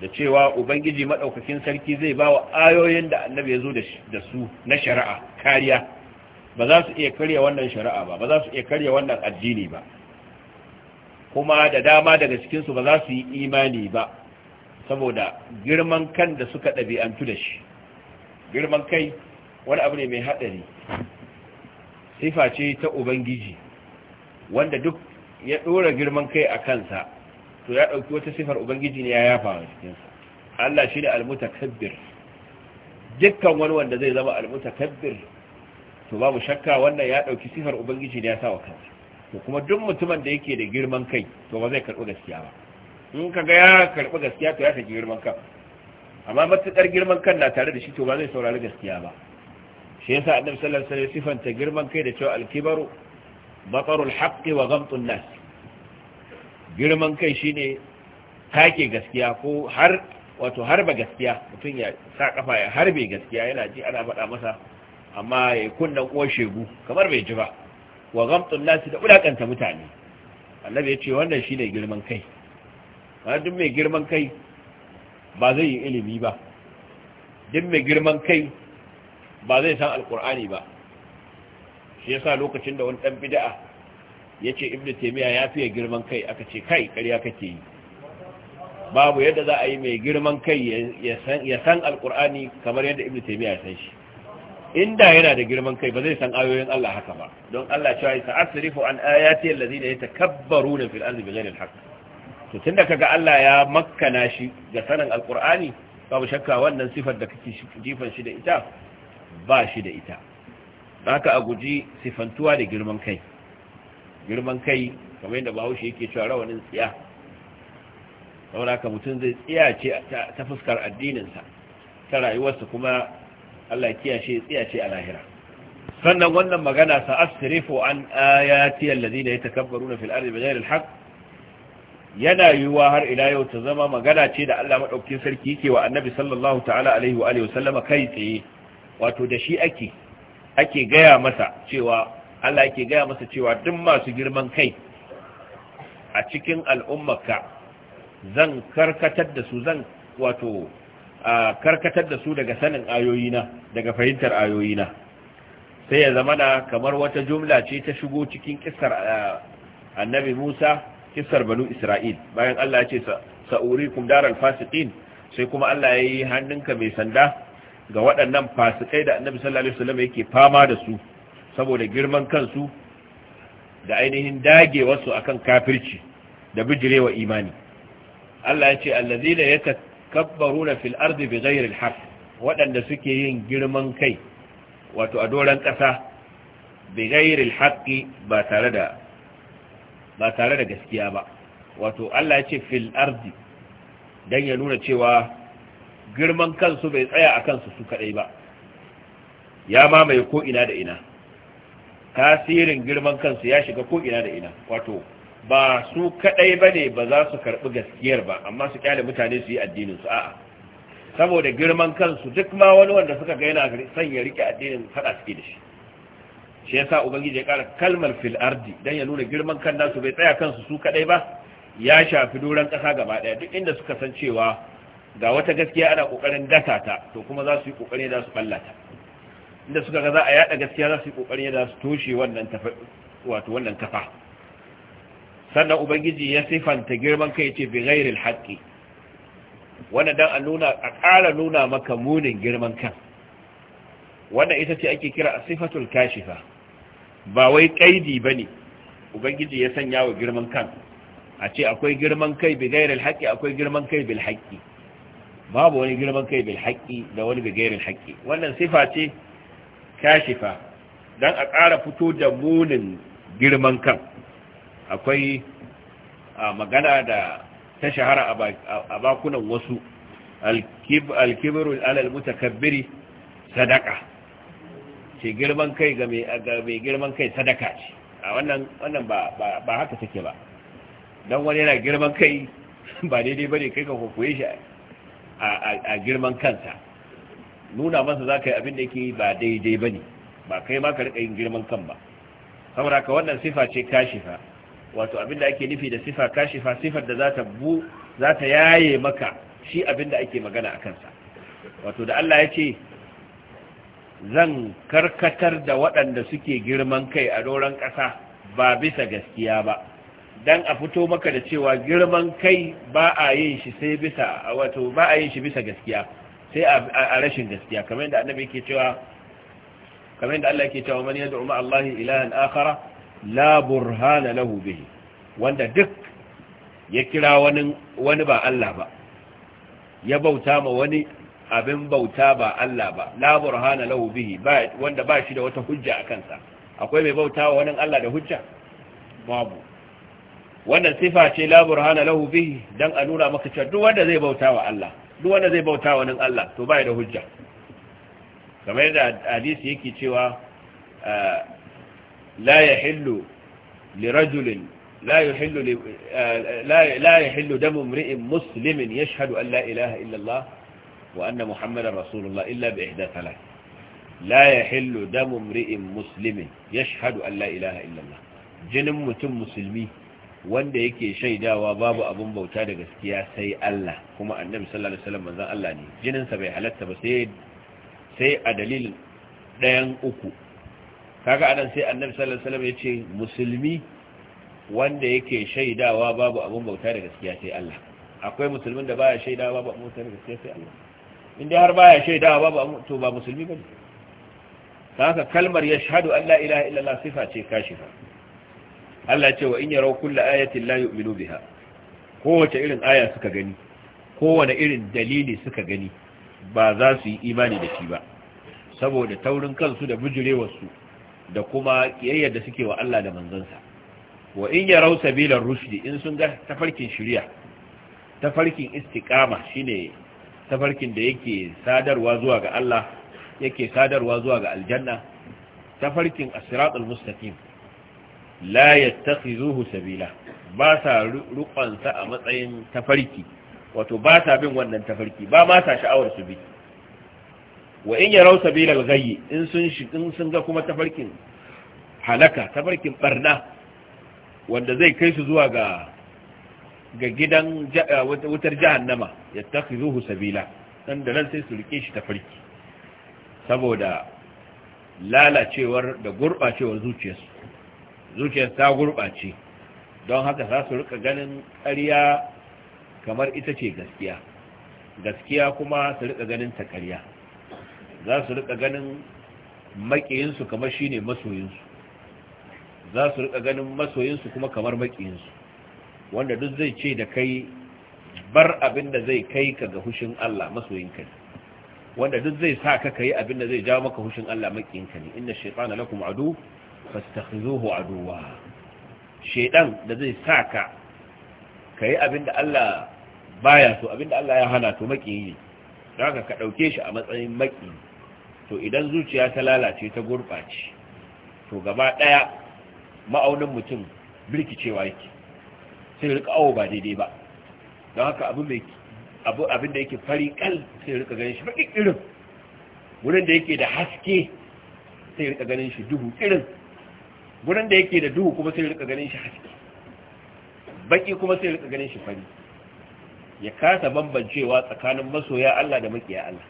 da cewa ubangiji madaukakin sarki zai ba wa ayoyin da annabi ya zo da su na shari'a kariya ba za su iya karya wannan shari'a ba ba za su iya karya wannan addini ba kuma da dama daga cikinsu ba za su yi imani ba saboda girman kan da suka ɗabi'antu da shi girman kai wani abu ne mai haɗari sifa ce ta ubangiji wanda duk ya ɗora girman kai a kansa to ya ɗauki wata sifar ubangiji ne ya yafa a cikinsa Allah shi ne almutakabbir dukkan wani wanda zai zama almutakabbir to babu shakka wannan ya ɗauki sifar ubangiji ne ya sa wa kansa to kuma duk mutumin da yake da girman kai to ba zai karɓi gaskiya ba in ga ya karɓi gaskiya to ya saki girman kan amma matukar girman kan na tare da shi to ba zai saurari gaskiya ba shi yasa annabi sallallahu alaihi wasallam sifanta girman kai da cewa alkibaru batarul haqqi wa ghamtun nas girman kai shine take gaskiya ko har wato harba gaskiya mutum ya sa kafa ya harbe gaskiya yana ji ana faɗa masa amma ya kunna uwar shegu kamar bai ji ba wa gamtun nasi da ulakanta mutane annabi ya ce wannan shine girman kai amma duk mai girman kai ba zai yi ilimi ba duk mai girman kai ba zai san alkur'ani ba shi yasa lokacin da wani dan bid'a yace ibnu taymiya ya fiye girman kai aka ce kai ƙarya kake yi babu yadda za a yi mai girman kai ya san alkur'ani kamar yadda ibnu taymiya ya san shi inda yana da girman kai ba zai san ayoyin Allah haka ba don Allah ya ya asrifu an ayati allazina yatakabbaruna fil ardi bighayri alhaq to tunda kaga Allah ya makkana shi ga sanin alkur'ani babu shakka wannan sifar da kake jifan shi da ita ba shi da ita haka a guji sifantuwa da girman kai girman kai kamar yadda bahaushe yake cewa rawanin tsiya saboda haka mutum zai tsiya ce ta fuskar addininsa ta rayuwarsa kuma Allah kiyashe tsiya ce a lahira sannan wannan magana sa asrifu an ayati alladhina yatakabbaruna fil ardi bighayri alhaq yana yiwuwa har ila yau ta zama magana ce da Allah madaukakin sarki yake wa annabi sallallahu ta'ala alaihi wa alihi wasallama kai tsaye wato da shi ake ake gaya masa cewa Allah yake gaya masa cewa duk masu girman kai a cikin al'ummaka zan karkatar da su zan wato karkatar da su daga sanin ayoyina daga fahimtar ayoyina sai ya zama na kamar wata jumla ce ta shigo cikin kisar annabi Musa kisar banu Isra'il bayan Allah ya ce sa'urikum daral fasiqin sai kuma Allah ya yi hannunka mai sanda ga waɗannan fasikai da annabi sallallahu alaihi wasallam yake fama da su saboda girman kansu da ainihin dagewarsu akan kafirci da bijirewa imani Allah ya ce allazina yatakabbaruna fil ardi bighayri alhaq waɗanda suke yin girman kai wato a doran ƙasa bighayri alhaqi ba tare da ba tare da gaskiya ba wato Allah ya ce fil ardi dan ya nuna cewa girman kansu bai tsaya a kansu su kadai ba ya mamaye ko ina da ina tasirin girman kansu ya shiga ko ina da ina wato ba su kadai ne ba za su karɓi gaskiyar ba amma su kyale mutane su yi addinin su a'a saboda girman kansu duk ma wani wanda suka ga yana son ya rike addinin faɗa suke da shi shi yasa ubangiji ya kara kalmar fil ardi dan ya nuna girman kan nasu bai tsaya kansu su kaɗai ba ya shafi doron ƙasa gaba ɗaya duk inda suka san cewa ga wata gaskiya ana kokarin gasa ta to kuma za su yi kokari da su ballata inda suka ga za a yada gaskiya za su yi kokari da su toshe wannan tafa wato wannan kafa sannan ubangiji ya sifanta girman kai yace bi ghairil haqqi wannan dan a a ƙara nuna maka munin girman kan wannan ita ce ake kira asifatul kashifa ba wai kaidi bane ubangiji ya sanya wa girman kan a ce akwai girman kai bi ghairil haqqi akwai girman kai bil haqqi babu wani girman kai bil haƙi da wani bigairin haƙƙi wannan sifa ce kashifa don a ƙara fito da munin girman kan akwai magana da ta shahara a bakunan wasu alkibirul alal mutakabbiri sadaka ce girman kai ga mai girman kai sadaka ce a wannan ba haka take ba don wani yana girman kai ba daidai ba ne kai ka kwakwai shi a girman kansa nuna masa za ka yi abin da yake ba daidai ba ne ba kai ma ka riƙa yin girman kan ba saboda ka wannan sifa ce kashifa wato abin da ake nufi da sifa kashifa sifar da za ta bu za ta yaye maka shi abin da ake magana a kansa wato da Allah ya ce zan karkatar da waɗanda suke girman kai a doron ƙasa ba bisa gaskiya ba dan a fito maka da cewa girman kai ba a yin shi sai bisa wato ba a yin shi bisa gaskiya sai a rashin gaskiya kamar yadda annabi ke cewa kamar yadda Allah ke cewa man yad'u ma Allah ilahan akhara la burhana lahu bihi wanda duk ya kira wani wani ba Allah ba ya bauta ma wani abin bauta ba Allah ba la burhana lahu bihi ba wanda ba shi da wata hujja a kansa akwai mai bauta wa wani Allah da hujja babu wannan sifa ce la burhana lahu bihi dan a nuna maka cewa duk wanda zai bauta wa Allah duk wanda zai bauta wa nan Allah to bai da hujja kamar da hadisi yake cewa ah, la yahillu li rajulin la yahillu ah, la la yahillu damu imri'in muslimin yashhadu an la ilaha illa Allah wa anna muhammadar rasulullah illa bi ihda thalath la yahillu damu imri'in muslimin yashhadu an la ilaha illa Allah jinin mutum musulmi wanda yake shaidawa babu abun bauta da gaskiya sai Allah kuma annabi sallallahu alaihi wasallam manzon Allah ne jinin sa bai halatta ba sai sai a dalilin ɗayan uku kaga anan sai annabi sallallahu alaihi wasallam yace musulmi wanda yake shaidawa babu abun bauta da gaskiya sai Allah akwai musulmin da baya shaidawa babu abun bauta da gaskiya sai Allah Inda har baya shaidawa babu abun to ba musulmi bane kaga kalmar yashhadu an la ilaha illallah sifa ce kashifa Allah ce wa in yaraw kulli ayatin la yu'minu biha kowace irin aya suka gani kowane irin dalili suka gani ba za su yi imani da shi ba saboda taurin kansu da su da kuma kiyayyar da suke wa Allah da manzansa wa in yaraw sabilar rushdi in sun ga tafarkin shari'a tafarkin istiqama shine tafarkin da yake sadarwa zuwa ga Allah yake sadarwa zuwa ga aljanna tafarkin as-siratal mustaqim la yattakhizuhu sabila ba sa rukansa a matsayin tafarki wato ba sa bin wannan tafarki ba ma sa sha'awar su bi wa in yarau sabilal ghayyi in sun shi in sun ga kuma tafarkin halaka tafarkin barna wanda zai kai su zuwa ga ga gidan wutar jahannama yattakhizuhu sabila dan da nan sai su rike shi tafarki saboda lalacewar da gurbacewar zuciyarsu zuciyar ta gurɓace don haka za su rika ganin ƙarya kamar ita ce gaskiya gaskiya kuma su rika ganin ta ƙarya za su rika ganin maƙiyinsu kamar shi ne masoyinsu za su rika ganin masoyinsu kuma kamar maƙiyinsu wanda duk zai ce da kai bar abin da zai kai ka ga hushin Allah masoyinka ne wanda duk zai sa ka kai abin da zai jawo maka hushin Allah maƙiyinka ne inna shaytana lakum adu fastakhizuhu aduwa shedan da zai saka kai abinda Allah baya so abinda Allah ya hana to maki ne haka ka dauke shi a matsayin maki to idan zuciya ta lalace ta gurbace to gaba daya ma'aunin mutum birkicewa yake sai rika awo ba daidai ba don haka abu mai abu abin da yake fari kal sai rika ganin shi baki irin wurin da yake da haske sai rika ganin shi duhu irin gurin da yake da duhu kuma sai rika ganin shi haske baki kuma sai rika ganin shi fari ya kasa bambancewa tsakanin masoya Allah da makiya Allah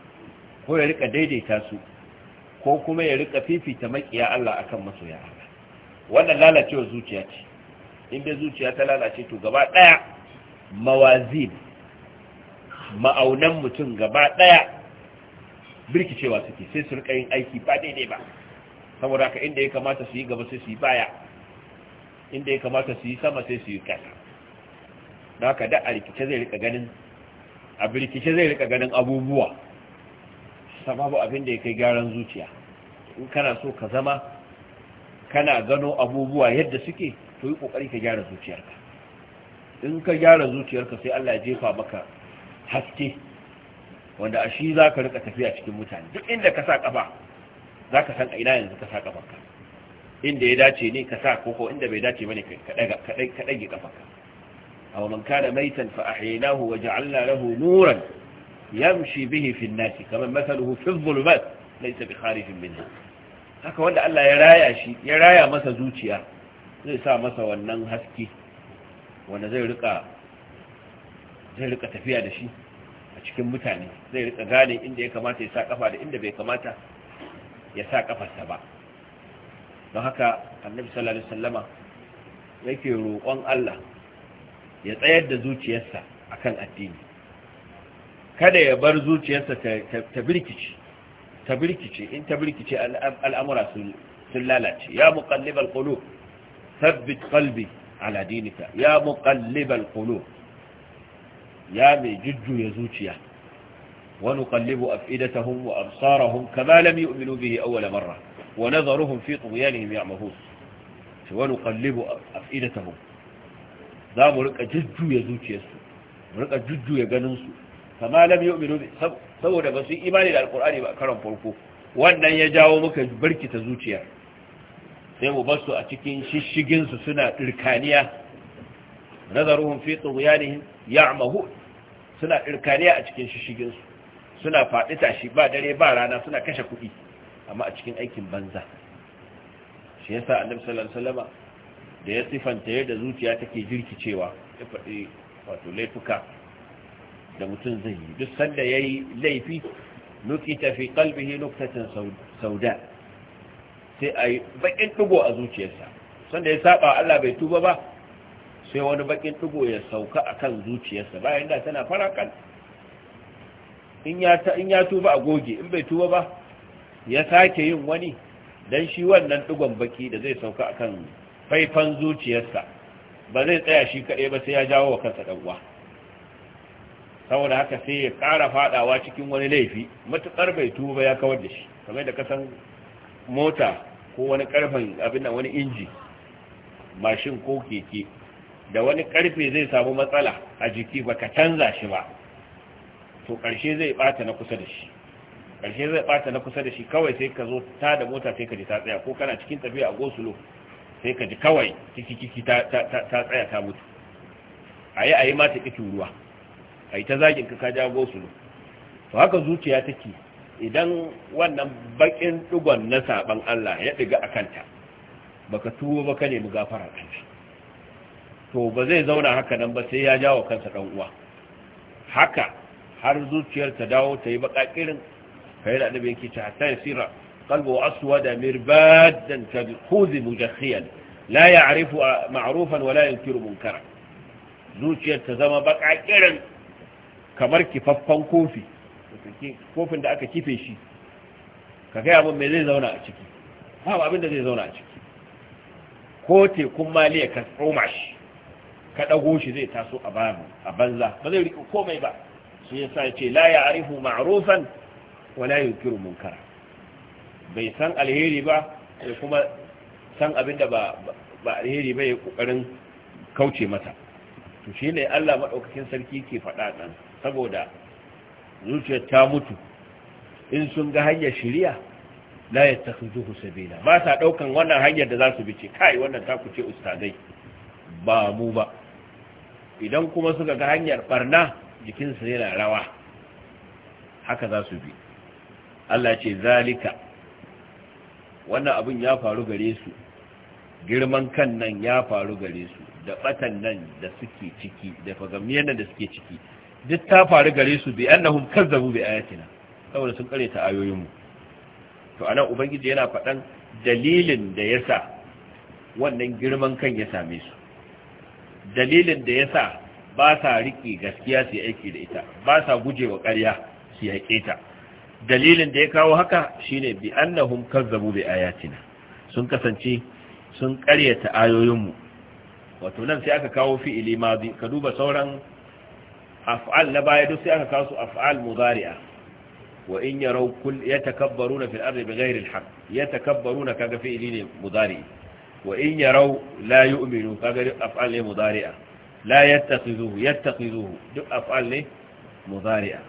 ko ya rika daidaita su ko kuma ya rika fifita makiya Allah akan masoya Allah wannan lalacewar zuciya ce in dai zuciya ta lalace to gaba daya mawazin ma'aunan mutum gaba daya birkicewa suke sai su rika yin aiki ba daidai ba saboda ka inda ya kamata su yi gaba sai su yi baya inda ya kamata su yi sama sai su yi kasa da haka da a rikice zai rika ganin a rikice zai rika ganin abubuwa sababu abin da ya kai gyaran zuciya in kana so ka zama kana gano abubuwa yadda suke to yi kokari ka gyara zuciyarka in ka gyara zuciyarka sai Allah ya jefa maka haske wanda a shi za ka rika tafiya cikin mutane duk inda ka sa kafa za ka san a ina yanzu ka sa kafarka inda ya dace ne ka sa koko inda bai dace mani ka ɗage kafarka a wani kada maitan fa ahyaynahu waje allah lahu nuran yamshi bihi fi an-nas kama fi adh-dhulumat haka wanda Allah ya raya shi ya raya masa zuciya zai sa masa wannan haske wanda zai rika zai rika tafiya da shi a cikin mutane zai rika gane inda ya kamata ya sa kafa da inda bai kamata ya sa kafarsa ba don haka annabi sallallahu alaihi wasallama yake roƙon Allah ya tsayar da zuciyarsa akan addini kada ya bar zuciyarsa ta birkice ta birkice in ta birkice al'amura sun lalace ya muqallibal qulub thabbit qalbi ala dinika ya muqallibal qulub ya mai jujjuya zuciya ونقلب أفئدتهم وأبصارهم كما لم يؤمنوا به أول مرة ونظرهم في طغيانهم يعمهون ونقلب أفئدتهم za mu rika jujjuya zuciyarsu mu rika jujjuya ganinsu kama lam yu'minu saboda ba su yi imani da alkur'ani ba a karan farko wannan ya jawo muka barkita zuciya sai mu basu a cikin shishigin su suna dirkaniya a cikin suna faɗi tashi ba dare ba rana suna kashe kuɗi amma a cikin aikin banza shi yasa annabi sallallahu alaihi wasallam da ya sifanta yadda zuciya take jirkicewa ya faɗi wato laifuka da mutum zai yi duk sanda yayi laifi nukita fi qalbihi nuktatan sauda sai ai bakin dugo a zuciyarsa sanda ya saba Allah bai tuba ba sai wani bakin ɗigo ya sauka akan zuciyarsa bayan da tana farakan in ya tuba a goge in bai tuba ba ya sake yin wani don shi wannan digon baki da zai sauka akan faifan zuciyarsa ba zai tsaya shi kaɗai ba sai ya jawo wa kansa ɗanwa saboda haka sai ya ƙara faɗawa cikin wani laifi matuƙar bai tuba ya kawar da shi kamar da kasan mota ko wani ƙarfen abin wani inji mashin ko keke da wani ƙarfe zai samu matsala a jiki ba ka canza shi ba to ƙarshe zai ɓata na kusa da shi ƙarshe zai bata na kusa da shi kawai sai ka zo ta da mota sai ka ji ta tsaya ko kana cikin tafiya a gosulo sai ka ji kawai ciki ciki ta tsaya ta mutu a yi a yi mata ƙi ruwa a yi ta zagin ka ja gosulo to haka zuciya take idan wannan bakin digon na saban Allah ya diga a kanta baka tuwo ba ka nemi gafarar Allah to ba zai zauna haka nan ba sai ya jawo kansa dan uwa haka har zuciyar ta dawo ta yi bakakirin kai da annabi yake ta hatta yasira qalbu aswada mirbadan tadkhuz mujakhiyan la ya'rifu ma'rufan wa la yankiru munkara zuciyar ta zama bakakirin kamar kifaffan kofi kofin da aka kife shi ka kai abin mai zai zauna a ciki Ba abin da zai zauna a ciki ko tekun maliya ka tsoma shi ka dago shi zai taso a banza ba zai riƙo komai ba shi yasa ce la ya'rifu ma'rufan wa la yunkiru munkara bai san alheri ba Sai kuma san abin da ba alheri ba ya kokarin kauce mata. to shi ne Allah madaukakin sarki ke faɗa dan saboda zuciyar ta mutu in sun ga hanyar shiriya la yattakhizuhu sabila ba sa daukan wannan hanyar da za su bi ce kai wannan ta kuce ustadai ba mu ba idan kuma suka ga hanyar barna Jikinsa yana rawa haka za su bi Allah ce zalika wannan abin ya faru gare su girman kan nan ya faru gare su da batan nan da suke ciki da fagamiyar nan da suke ciki duk ta faru gare su bi annahum kazzabu bi ayatina saboda sun kare ta ayoyin mu to anan ubangiji yana faɗan dalilin da yasa wannan girman kan ya same su dalilin da yasa ba sa riƙe gaskiya su aiki da ita ba sa gujewa ƙarya su yaƙe ta dalilin da ya kawo haka shine bi annahum kazzabu bi ayatina sun kasance sun ƙaryata ayoyinmu wato nan sai aka kawo fi'ili madi ka duba sauran af'al na baya duk sai aka kawo su af'al mudari'a wa in yaraw kull yatakabbaruna fil ardi bighayri al-haqq yatakabbaruna kaga fi'ili ne mudari wa in yaraw la yu'minu kaga af'al ne mudari'a la yattaqizuhu yattaqizuhu duk af'al ne mudari'a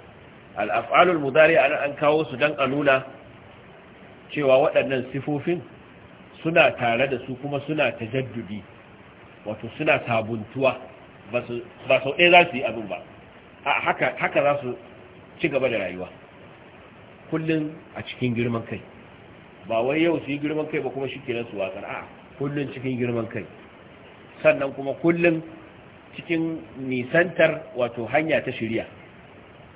al af'alul mudari'a an kawo su dan a nuna cewa waɗannan sifofin suna tare da su kuma suna tajaddudi wato suna sabuntuwa ba sau ɗaya za su yi abin ba a haka za su ci gaba da rayuwa kullum a cikin girman kai ba wai yau su yi girman kai ba kuma shi kenan su watsar a kullum cikin girman kai sannan kuma kullum cikin nisantar wato hanya ta shirya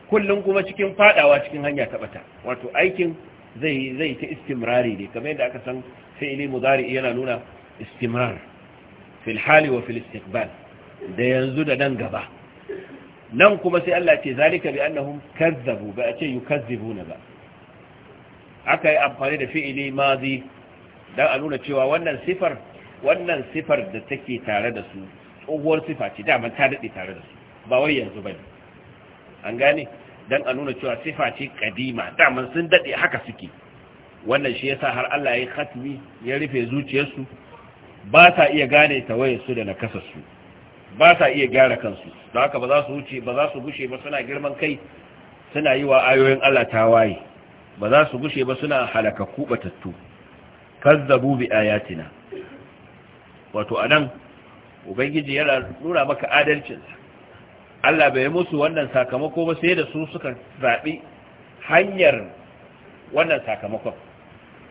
kullum kuma cikin fadawa cikin hanya ta bata wato aikin zai zai ta istimrari ne kamar yadda aka san fi'ili mudari yana nuna istimrar fil hali wa fil istiqbal da yanzu da nan gaba nan kuma sai Allah ce zalika bi annahum kazzabu ba a ce yukazzibuna ba aka yi amfani da fi'ili mazi dan a nuna cewa wannan sifar wannan sifar da take tare da su tsohuwar sifa ce dama ta daɗe tare da su ba wai yanzu ba ne an gane don a nuna cewa sifa ce kadima dama sun daɗe haka suke wannan shi yasa har Allah ya yi khatmi ya rufe zuciyarsu ba sa iya gane tawayensu da nakasarsu ba sa iya gyara kansu don haka ba za su wuce ba za su gushe ba suna girman kai suna yi wa ayoyin Allah tawaye ba za su gushe ba suna halakakku batattu kazzabu bi ayatina wato anan ubangiji yana nuna maka adalcinsa Allah bai musu wannan sakamako ba sai da su suka zaɓi hanyar wannan sakamakon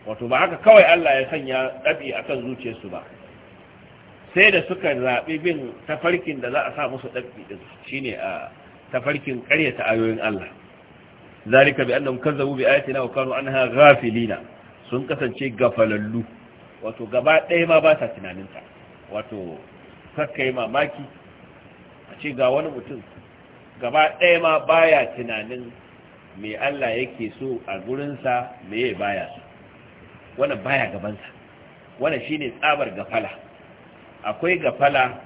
wato ba haka kawai Allah ya sanya ɗabi a kan zuciyarsu ba sai da suka zaɓi bin tafarkin da za a sa musu ɗabi ɗin shi ne a tafarkin ta ayoyin Allah zalika bi kan zabu bi ayatina an kanu anha ghafilina sun kasance gafalallu wato gaba ɗaya ma ba sa tunaninta wato kakka yi mamaki a ce ga wani mutum gaba ɗaya ma baya tunanin me Allah yake so a gurinsa me ya baya su? wannan baya gabansa wannan ne tsabar gafala akwai gafala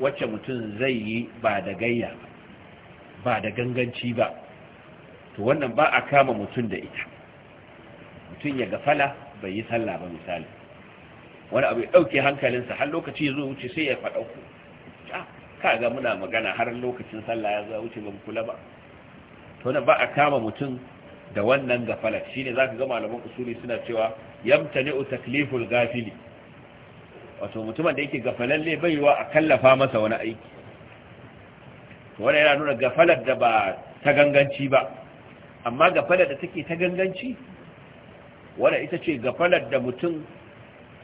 wacce mutum zai yi ba da gayya ba da ganganci ba to wannan ba a kama mutum da ita mutum ya gafala bai yi sallah ba misali wani abu ya ɗauke hankalinsa har lokaci ya zo wuce sai ya faɗa ku ah, ka ga muna magana har lokacin sallah ya zo wuce ba kula ba to ba a kama mutum da wannan gafalar shine zaka ga malaman usuli suna cewa yamtani utaklifil gafili wato mutumin da yake gafalalle bai wa a kallafa masa wani aiki to wannan yana nuna gafalar da ba ta ganganci ba amma gafalar da take ta ganganci wannan ita ce gafalar da mutum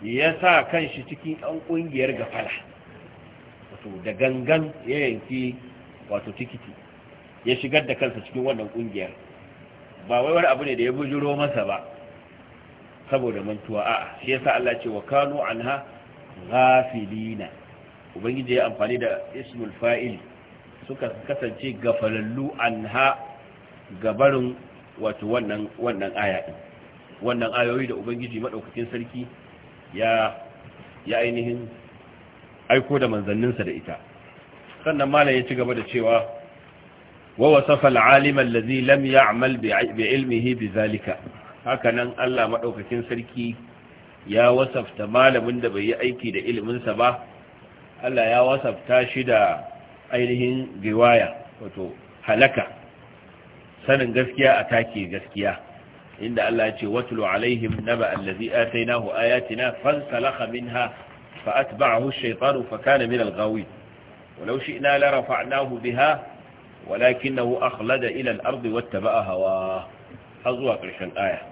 ya sa kan shi cikin ɗan ƙungiyar gafala wato da gangan ya yanki wato tikiti ya shigar da kansa cikin wannan ƙungiyar ba wai wani abu ne da ya bujiro masa ba saboda mantuwa a shi sa Allah ce wa an ha gafilina ubangiji ya amfani da ismul fa'il suka kasance gafalallu anha gabarin wato wannan wannan ayoyi da ubangiji madaukakin sarki ya ya ainihin aiko da manzanninsa da ita sannan malam ya ci gaba da cewa wa wasafa al-alim allazi lam ya'mal bi ilmihi bizalika hakanan Allah madaukakin sarki ya wasafta malamin da bai yi aiki da iliminsa ba Allah ya wasafta shi da ainihin riwaya wato halaka sanin gaskiya a take gaskiya inda Allah ya ce watlu alaihim naba allazi atainahu ayatina fansalakha minha فأتبعه الشيطان فكان من الغاوين ولو شئنا لرفعناه بها ولكنه أخلد إلى ardi واتبع هواه حظوا قرشان aya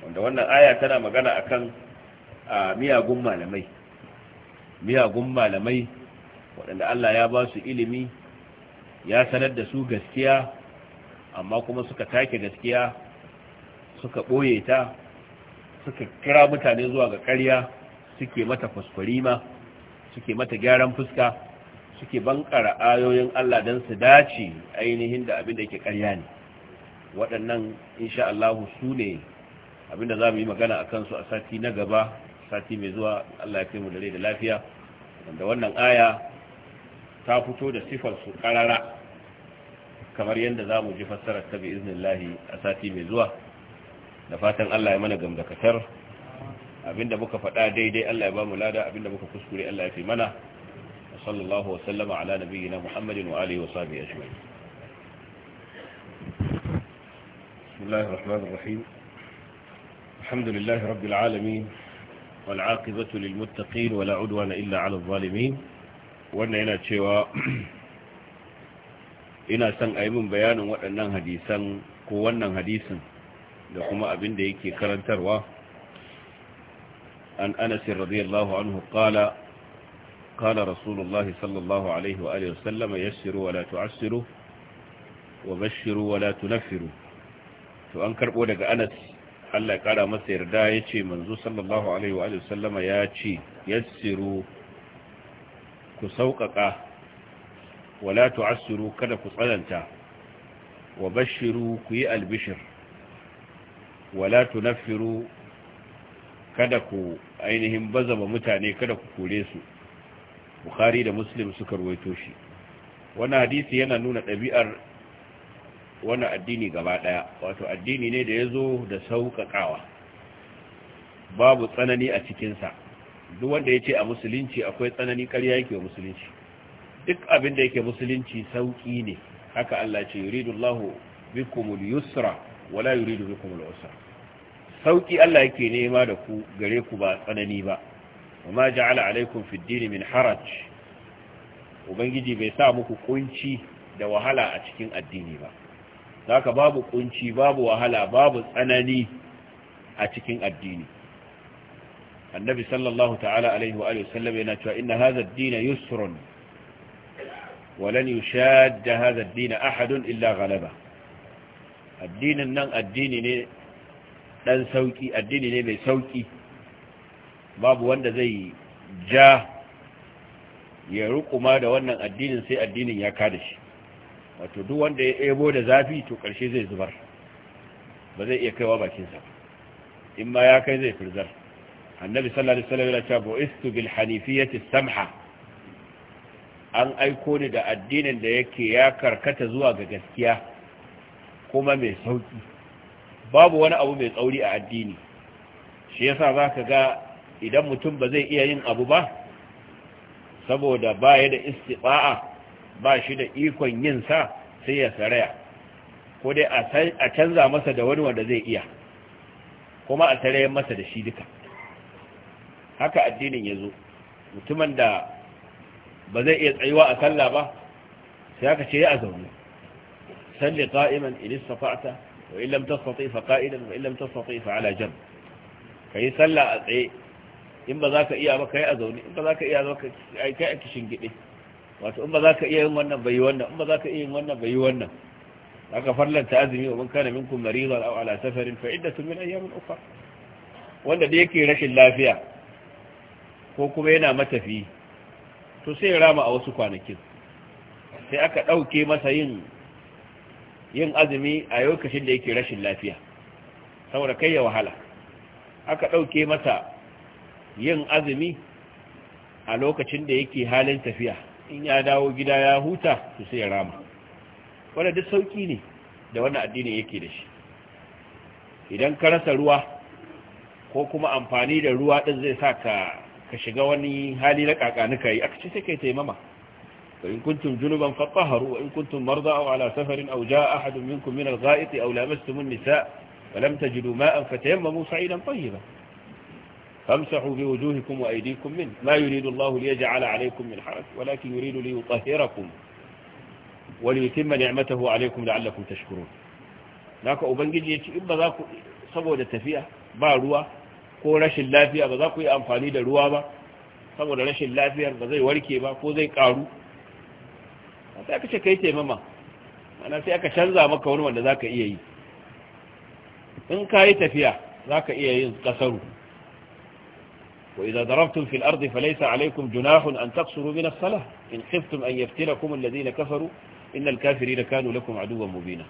wanda wannan aya tana magana akan miyagun malamai miyagun malamai waɗanda Allah ya ba su ilimi ya sanar da su gaskiya amma kuma suka take gaskiya suka ɓoye ta suka kira mutane zuwa ga ƙarya suke mata ma suke mata gyaran fuska suke bankara ayoyin Allah don su dace ainihin da abin da yake ƙarya ne waɗannan insha Allah su ne abin da za mu yi magana a kansu a sati na gaba sati mai zuwa Allah ya mu da rai da lafiya wanda wannan aya ta fito da sifar su ƙarara kamar yadda za mu ji fassarar ta bi lahi a sati mai zuwa da fatan Allah ya mana gamdakatar abinda muka faɗa daidai Allah ya ba mu lada abinda muka kuskure Allah ya fi mana sallallahu wa sallama ala nabiyyina muhammadin wa alihi wa sahbihi ajma'in bismillahir rahmanir rahim alhamdulillahi rabbil alamin wal aqibatu lil muttaqin wa la udwana illa ala zalimin wannan yana cewa ina son a yi bayanin waɗannan hadisan ko wannan hadisin da kuma abin da yake karantarwa an anas radiyallahu anhu qala qala rasulullahi sallallahu alaihi wa alihi wasallam yassiru wa la tu'assiru wa bashiru wa la tunaffiru to an karbo daga anas Allah ya kara masa yarda yace manzo sallallahu alaihi wa alihi wasallama ya ce yassiru ku sauƙaƙa wala tu'assiru kada ku tsananta wa bashiru ku yi albishir wala tunafiru kada ku ainihin bazama mutane kada ku kore su bukhari da muslim suka ruwaito shi wannan hadisi yana nuna ɗabi'ar wannan addini gaba ɗaya wato addini ne da ya zo da sauƙaƙawa babu tsanani a cikinsa duk wanda ya ce a musulunci akwai tsanani ƙarya yake wa musulunci duk abin da yake musulunci sauƙi ne haka Allah ce allahu bikumul yusra wala yuridu bikumul usra sauki Allah yake nema da ku gare ku ba tsanani ba amma ja'ala alaikum fid min haraj ubangiji bai sa muku kunci da wahala a cikin addini ba zaka babu kunci babu wahala babu tsanani a cikin addini annabi sallallahu ta'ala alaihi wa alihi sallam yana cewa inna hadha ad-din yusrun wa lan yushadda hadha ad-din ahadun illa ghalaba addinin nan addini ne dan sauki addini ne mai sauki babu wanda zai ja ya rukuma da wannan addinin sai addinin ya kada shi wato duk wanda ya ebo da zafi to karshe zai zubar ba zai iya kaiwa bakinsa in ma ya kai zai firzar annabi sallallahu alaihi wasallam ya ce bu'istu bil hanifiyati samha an aiko ni da addinin da yake ya karkata zuwa ga gaskiya kuma mai sauki babu wani abu mai tsauri a addini shi yasa za ka ga idan mutum ba zai iya yin abu ba saboda ba ya da istiɓa'a ba shi da ikon yin sa sai ya saraya ko dai a canza masa da wani wanda zai iya kuma a sarayen masa da shi duka haka addinin ya zo mutumin da ba zai iya tsayuwa a sallah ba sai aka ce ya a zaune salli qa'iman ilis istafa'ta wa in lam tastati fa qa'idan wa in lam tastati fa sallah a tsaye in ba za ka iya ba kai a zaune in ba za ka iya ba kai a kishin gide in ba za ka iya yin wannan bai wannan za ka farlanta azumi wa man kana minkum maridan wanda da yake rashin lafiya ko kuma yana matafi to rama a wasu kwanakin sai aka dauke masa yin yin azumi a lokacin da yake rashin lafiya saboda kai ya wahala aka ɗauke masa yin azumi a lokacin da yake halin tafiya in ya dawo gida ya huta su sai ya rama wanda duk sauƙi ne da wannan addini yake da shi idan ka rasa ruwa ko kuma amfani da ruwa ɗin zai sa ka shiga wani hali na ka yi aka ce sai kai taimama فإن كنتم جنبا فطهروا وإن كنتم مرضى أو على سفر أو جاء أحد منكم من الغائط أو لامستم النساء فلم تجدوا ماء فتيمموا صعيدا طيبا فامسحوا بوجوهكم وأيديكم منه ما يريد الله ليجعل عليكم من حرج ولكن يريد ليطهركم وليتم نعمته عليكم لعلكم تشكرون ناك أبنجي ya ce in ba za ku saboda tafiya ba ruwa ko rashin lafiya ba za ku yi amfani da ruwa ba saboda rashin lafiyar ba zai warke ba ko zai karu sai aka ce kai taimama ana sai aka canza maka wani wanda za ka iya yi in ka yi tafiya za ka iya yin kasaru wa iza zaraftun fil ardi fa laysa alaykum junahun an taqsuru min as-salah in khiftum an yaftirakum alladhina kafaru innal kafirina kanu lakum aduwwan mubina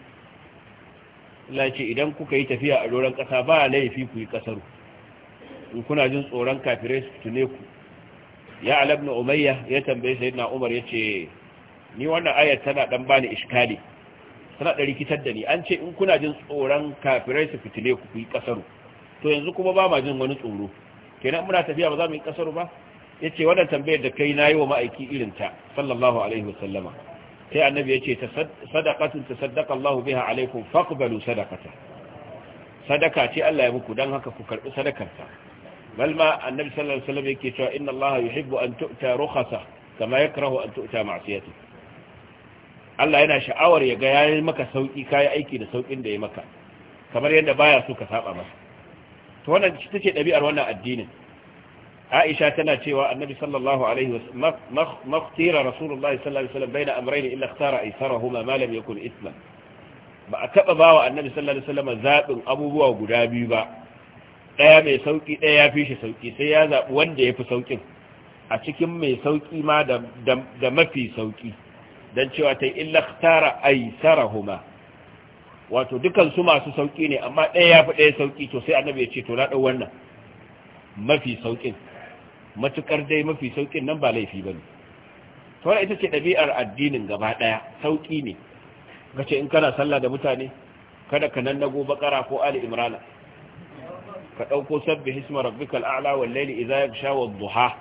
la ce idan kuka yi tafiya a doran kasa ba laifi ku yi kasaru in jin tsoron kafirai su tune ku ya alabna umayya ya tambaye sayyidina umar yace ni wannan ayar tana dan bani iskali tana da rikitar da ni an ce in kuna jin tsoron kafirai su fitile ku yi kasaru to yanzu kuma ba ma jin wani tsoro kenan muna tafiya ba za mu yi kasaru ba yace wannan tambayar da kai nayi wa ma'aiki irin ta sallallahu alaihi wasallama sai annabi yace sadaqatun tasaddaqa Allahu biha alaikum faqbalu sadaqata sadaka ce Allah ya muku dan haka ku karbi sadakarta bal ma annabi sallallahu alaihi wasallam yake cewa inna Allah yuhibbu an tu'ta rukhasa kama yakrahu an tu'ta ma'siyatihi Allah yana sha'awar ya ga yayin maka sauki kai aiki da saukin da ya maka kamar yadda baya so ka saba masa to wannan shi take dabi'ar wannan addinin Aisha tana cewa Annabi sallallahu alaihi wasallam makhtira Rasulullahi sallallahu alaihi wasallam baina amrayn illa ikhtara aysarahuma ma lam yakun Islam. ba a taɓa bawa Annabi sallallahu alaihi wasallam zabin abubuwa guda biyu ba daya mai sauki daya yafi shi sauki sai ya zabi wanda yafi saukin a cikin mai sauki ma da da mafi sauki dan cewa ta illa ikhtara aisarahuma wato dukansu masu sauki ne amma ɗaya yafi ɗaya sauki to sai annabi ya ce to na wannan mafi saukin matukar dai mafi saukin nan ba laifi ne to wannan ita ce ɗabi'ar addinin gaba ɗaya sauki ne kace in kana sallah da mutane kada ka nan nago bakara ko ali imrana ka ɗauko sabbi hisma rabbikal a'la wal layli idza yaghsha wad duha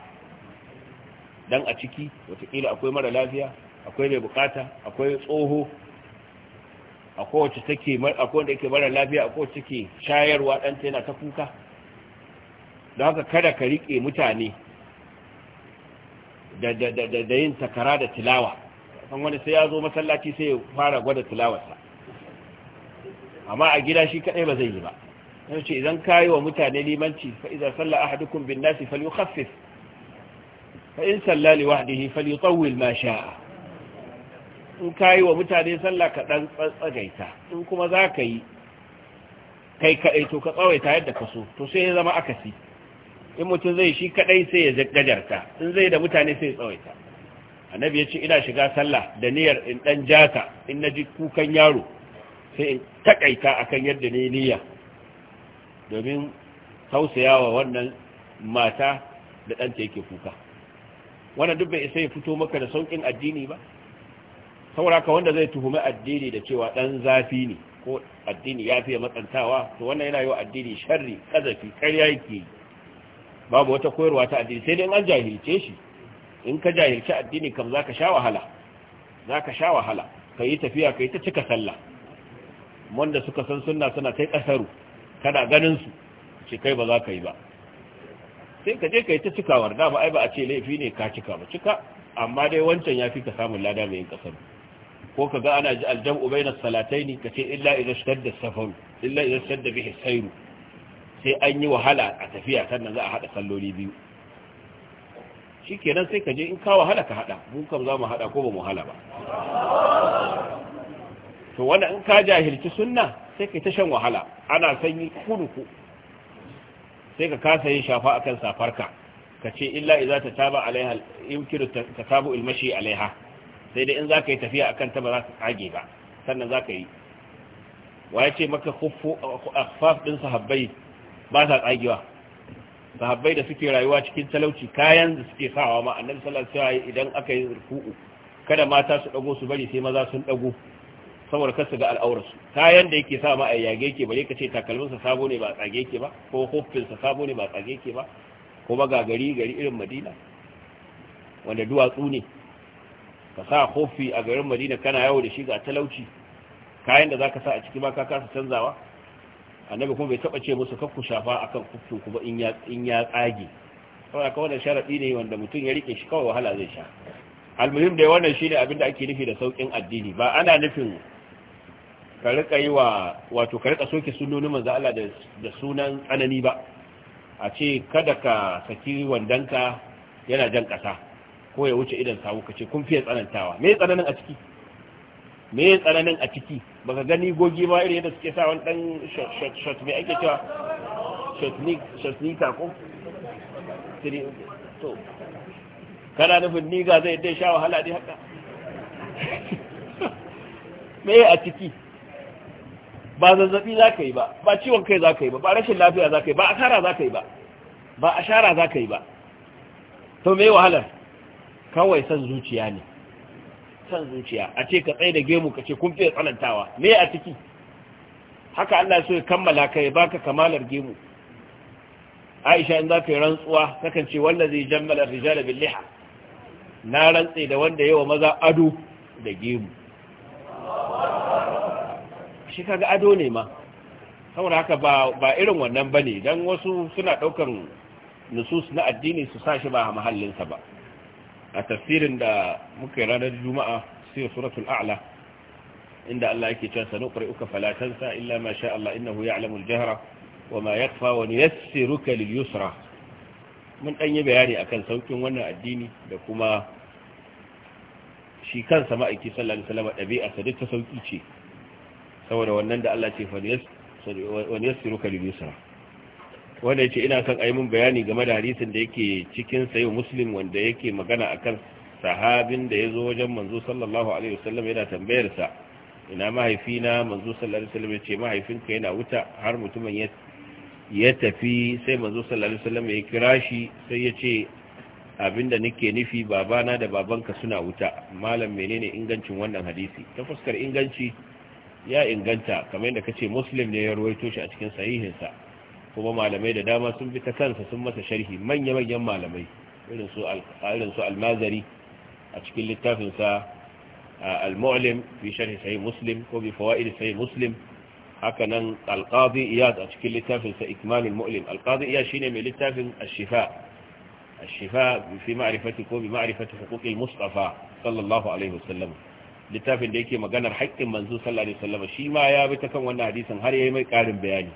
dan a ciki watakila akwai mara lafiya akwai mai bukata akwai tsoho akwai wacce take akwai wanda yake mara lafiya akwai wacce take shayarwa ɗanta yana ta kuka don haka kada ka riƙe mutane da yin takara da tilawa kan wani sai ya zo masallaci sai ya fara gwada tilawarsa amma a gida shi kaɗai ba zai yi ba yana ce idan kayi wa mutane limanci fa iza salla ahadukum bin nasi falyukhaffif fa in salla li wahdihi falyutawwil ma sha'a in ka yi wa mutane sallah ka ɗan tsagaita in kuma za ka yi kai kaɗai to ka tsawaita yadda ka so to sai ya zama akasi in mutum zai shi kaɗai sai ya gajarta in zai da mutane sai ya tsawaita annabi ya ce ina shiga sallah da niyyar in ɗan jata in na ji kukan yaro sai in taƙaita akan yadda ne niyya domin tausayawa wannan mata da ɗanta yake kuka wannan duk bai isa ya fito maka da sauƙin addini ba saboda ka wanda zai tuhumi addini da cewa dan zafi ne ko addini ya fiye matsantawa to wannan yana yi wa addini sharri kazafi karya yake babu wata koyarwa ta addini sai dai an jahilce shi in ka jahilci addini kam za ka sha wahala za ka sha wahala ka yi tafiya ka yi ta cika sallah wanda suka san sunna suna kai kasaru kana ganin su ce kai ba za ka yi ba sai ka je ka yi ta cikawar dama ai ba a ce laifi ne ka cika ba cika amma dai wancan ya fi ka samun lada mai yin kasaru ko ka ga ana aljam'u bainas salataini kace illa idza shtadda safar illa idza shtadda bihi sayru sai an yi wahala a tafiya sannan za a hada salloli biyu shikenan sai ka je in ka wahala ka hada mu kam za mu hada ko ba mu hala ba to wanda in ka jahilci sunna sai kai ta shan wahala ana sanyi kunuku sai ka kasa yin shafa akan safarka kace illa idza tataba alaiha ta tabu ilmashi alaiha sai dai in za ka yi tafiya akan ta ba za ka tsage ba sannan za ka yi wa ya ce maka a ɗin sahabbai ba sa tsagewa sahabbai da suke rayuwa cikin talauci kayan da suke sawa ma annan sallallahu idan aka yi ruku'u kada mata su dago su bari sai maza sun dago saboda kasu su ga al'aurarsu kayan da yake sa ma a yage yake bare ka ce takalmin sabo ne ba tsage ke ba ko huffin sabo ne ba tsage ke ba kuma ga gari irin Madina wanda duwatsu ne ka sa kofi a garin madina kana yawo da shi ga talauci kayan da za ka sa a ciki ma ka kasa canzawa annabi kuma bai taba ce musu kakku shafa a kan kuffin kuma in ya tsage saboda ka wannan sharaɗi ne wanda mutum ya rike shi kawai wahala zai sha almuhim da wannan shi ne abin da ake nufi da sauƙin addini ba ana nufin ka rika yi wa wato ka rika soke sunonin manzo Allah da sunan tsanani ba a ce kada ka saki wandanka yana jan kasa ko ya wuce idan sawu kace kun fiye tsanantawa me tsananin a ciki me tsananin a ciki ba ka gani gogi ba irin yadda suke sa wani dan shot me ake cewa shotnika ko to kana nufin niga zai dai sha wahala dai haka me a ciki ba zazzabi za ka yi ba ba ciwon kai za ka yi ba ba rashin lafiya za ka yi ba asara za ka yi ba ba asara za ka yi ba to me wahalar kawai san zuciya ne san zuciya a ce ka tsaye da gemu ka ce kun fiye tsanantawa me a ciki haka Allah so ya kammala ka baka kamalar gemu Aisha in za ka yi rantsuwa takan ce zai jammala rijala bil liha na rantse da wanda yawa maza ado da gemu shi kaga ado ne ma saboda haka ba ba irin wannan bane dan wasu suna daukan nusus na addini su sa shi ba mahallinsa ba a tafsirin da muka yi ranar juma'a sai suratul a'la inda Allah yake cewa sanuqri uka fala tansa illa ma sha Allah innahu ya'lamu al-jahra wa ma yakhfa wa nuyassiruka lil-yusra mun dan yi bayani akan saukin wannan addini da kuma shi kansa ma'aiki sallallahu alaihi wasallam dabi'a sa duk ta sauki ce saboda wannan da Allah ce fa wani yassiruka lil-yusra wanda yace ina son ayi mun bayani game da hadisin da yake cikin sayo muslim wanda yake magana akan sahabin da yazo wajen manzo sallallahu alaihi wasallam yana tambayar sa ina mahaifina manzo sallallahu alaihi wasallam yace mahaifinka yana wuta har mutumin ya tafi sai manzo sallallahu alaihi wasallam ya kira shi sai yace abinda nake nufi babana da babanka suna wuta malam menene ingancin wannan hadisi ta fuskar inganci ya inganta kamar yadda kace muslim ne ya ruwaito shi a cikin sahihinsa kuma malamai da dama sun bi ta kansa sun masa sharhi manya-manyan malamai irin su almazari a cikin littafinsa al-mu'lim fi sharhi sahih muslim ko bi fawaid sahih muslim haka nan alqadi iyad a cikin littafinsa ikmalul mu'lim alqadi iyad shine mai littafin ash-shifa الشفاء في معرفته ko bi ma'rifati huquqil mustafa sallallahu alaihi wasallam littafin da yake maganar haƙƙin manzo sallallahu alaihi wasallam shi ma ya bi ta kan wannan hadisin har yayi mai ƙarin bayani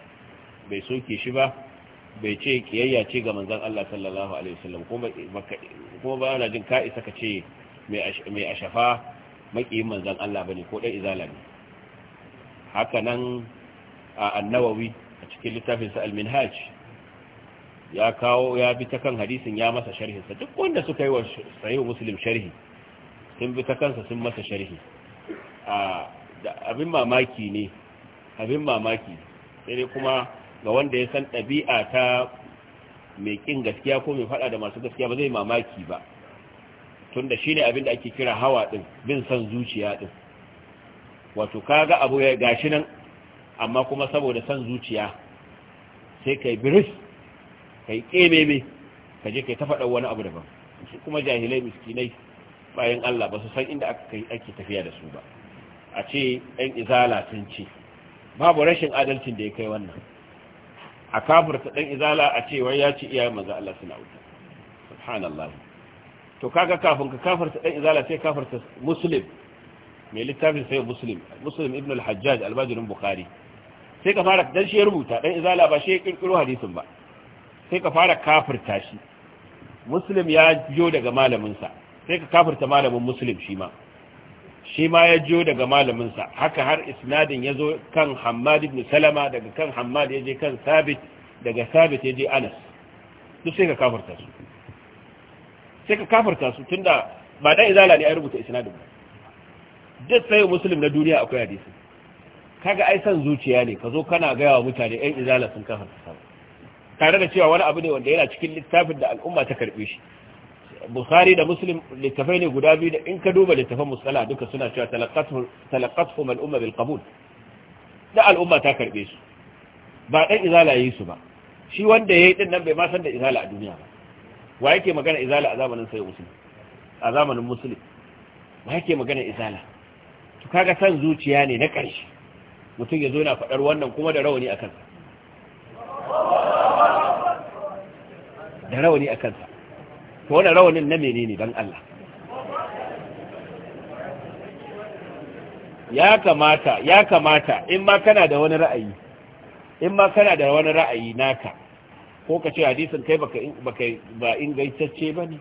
bai soke shi ba bai ce kiyayya ce ga manzan Allah sallallahu alaihi wasallam kuma ba na jin ka isa ka ce mai a shafa makiyin manzan Allah ba ne ko dai izala ne haka nan a annawawi a cikin littafin sa al ya kawo ya bi ta kan hadisin ya masa sharhinsa duk wanda suka yi wa sahih muslim sharhi sun bi ta kansa sun masa sharhi abin mamaki ne abin mamaki sai kuma ga wanda ya san ɗabi'a ta mai ƙin gaskiya ko mai faɗa da masu gaskiya ba zai mamaki ba tunda shi ne abin da ake kira hawa ɗin bin san zuciya ɗin wato ka ga abu ya gashi nan amma kuma saboda san zuciya sai kai biris kai ƙememe ka je kai ta tafaɗa wani abu daban su kuma jahilai miskinai bayan Allah ba su san inda ake tafiya da su ba a ce ɗan izala sun ce babu rashin adalcin da ya kai wannan a kafirta ɗan izala a cewa ya ci iyayen maza Allah suna wuta subhanallah to kaga kafin ka kafarta ɗan izala sai kafarta muslim mai littafin sai muslim muslim ibn al-hajjaj al-bajirin bukhari sai ka fara dan shi ya rubuta ɗan izala ba shi ya kirkiro hadisin ba sai ka fara kafarta shi muslim ya biyo daga malamin sa sai ka kafarta malamin muslim shi ma shi ma ya jiyo daga malaminsa haka har isnadin ya zo kan hamad ibn salama daga kan hamad ya je kan sabit daga sabit ya je anas duk sai ka kafarta su sai ka kafarta su tunda ba da izala ne a rubuta isnadin ba duk sai muslim na duniya akwai hadisi kaga ai san zuciya ne ka zo kana gaya wa mutane ɗan izala sun kafarta tare da cewa wani abu ne wanda yana cikin littafin da al'umma ta karbe shi bukhari da muslim littafai ne guda biyu da in ka duba littafan musala duka suna cewa talaqathu mal umma bil qabul da al'umma ta karbe su ba dan izala yayi su ba shi wanda yayi din nan bai ma san da izala a duniya ba wa yake magana izala a zamanin sai muslim a zamanin muslim wa yake magana izala to kaga san zuciya ne na ƙarshe mutum ya zo na faɗar wannan kuma da rawani a kansa da rawani a kansa to wani rawanin na menene dan Allah ya kamata ya kamata in ma kana da wani ra'ayi in ma kana da wani ra'ayi naka ko ka ce hadisin kai baka baka ba ingantacce bane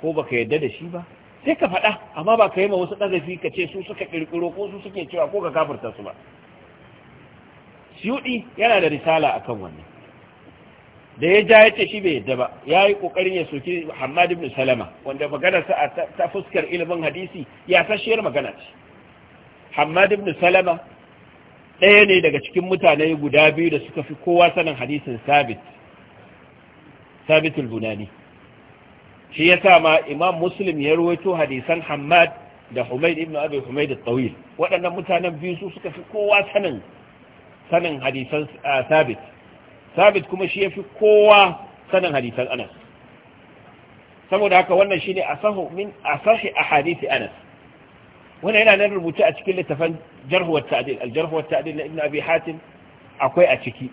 ko baka yadda da shi ba sai ka faɗa amma ba ka yi ma wasu ɗazafi ka ce su suka ƙirƙiro ko su suke cewa ko ka kafarta su ba Shuɗi yana da risala akan wannan da ya ja yace shi bai yadda ba ya yi kokarin ya soki Muhammad ibn Salama wanda magana sa ta fuskar ilimin hadisi ya tashiyar magana ce Muhammad ibn Salama ɗaya ne daga cikin mutane guda biyu da suka fi kowa sanin hadisin Sabit sabitul bunani shi yasa ma Imam Muslim ya rawaito hadisan hamad da Humayd ibn Abi Humayd al-Tawil waɗannan mutanen biyu su suka fi kowa sanin sanin hadisan ah, Sabit sabit kuma shi ya fi kowa sanin hadisan anas saboda haka wannan shi shine asahu min a hadisi anas wannan yana nan rubuta a cikin littafin jarhuwar wa aljarhuwar al na ibn abi hatim akwai a ciki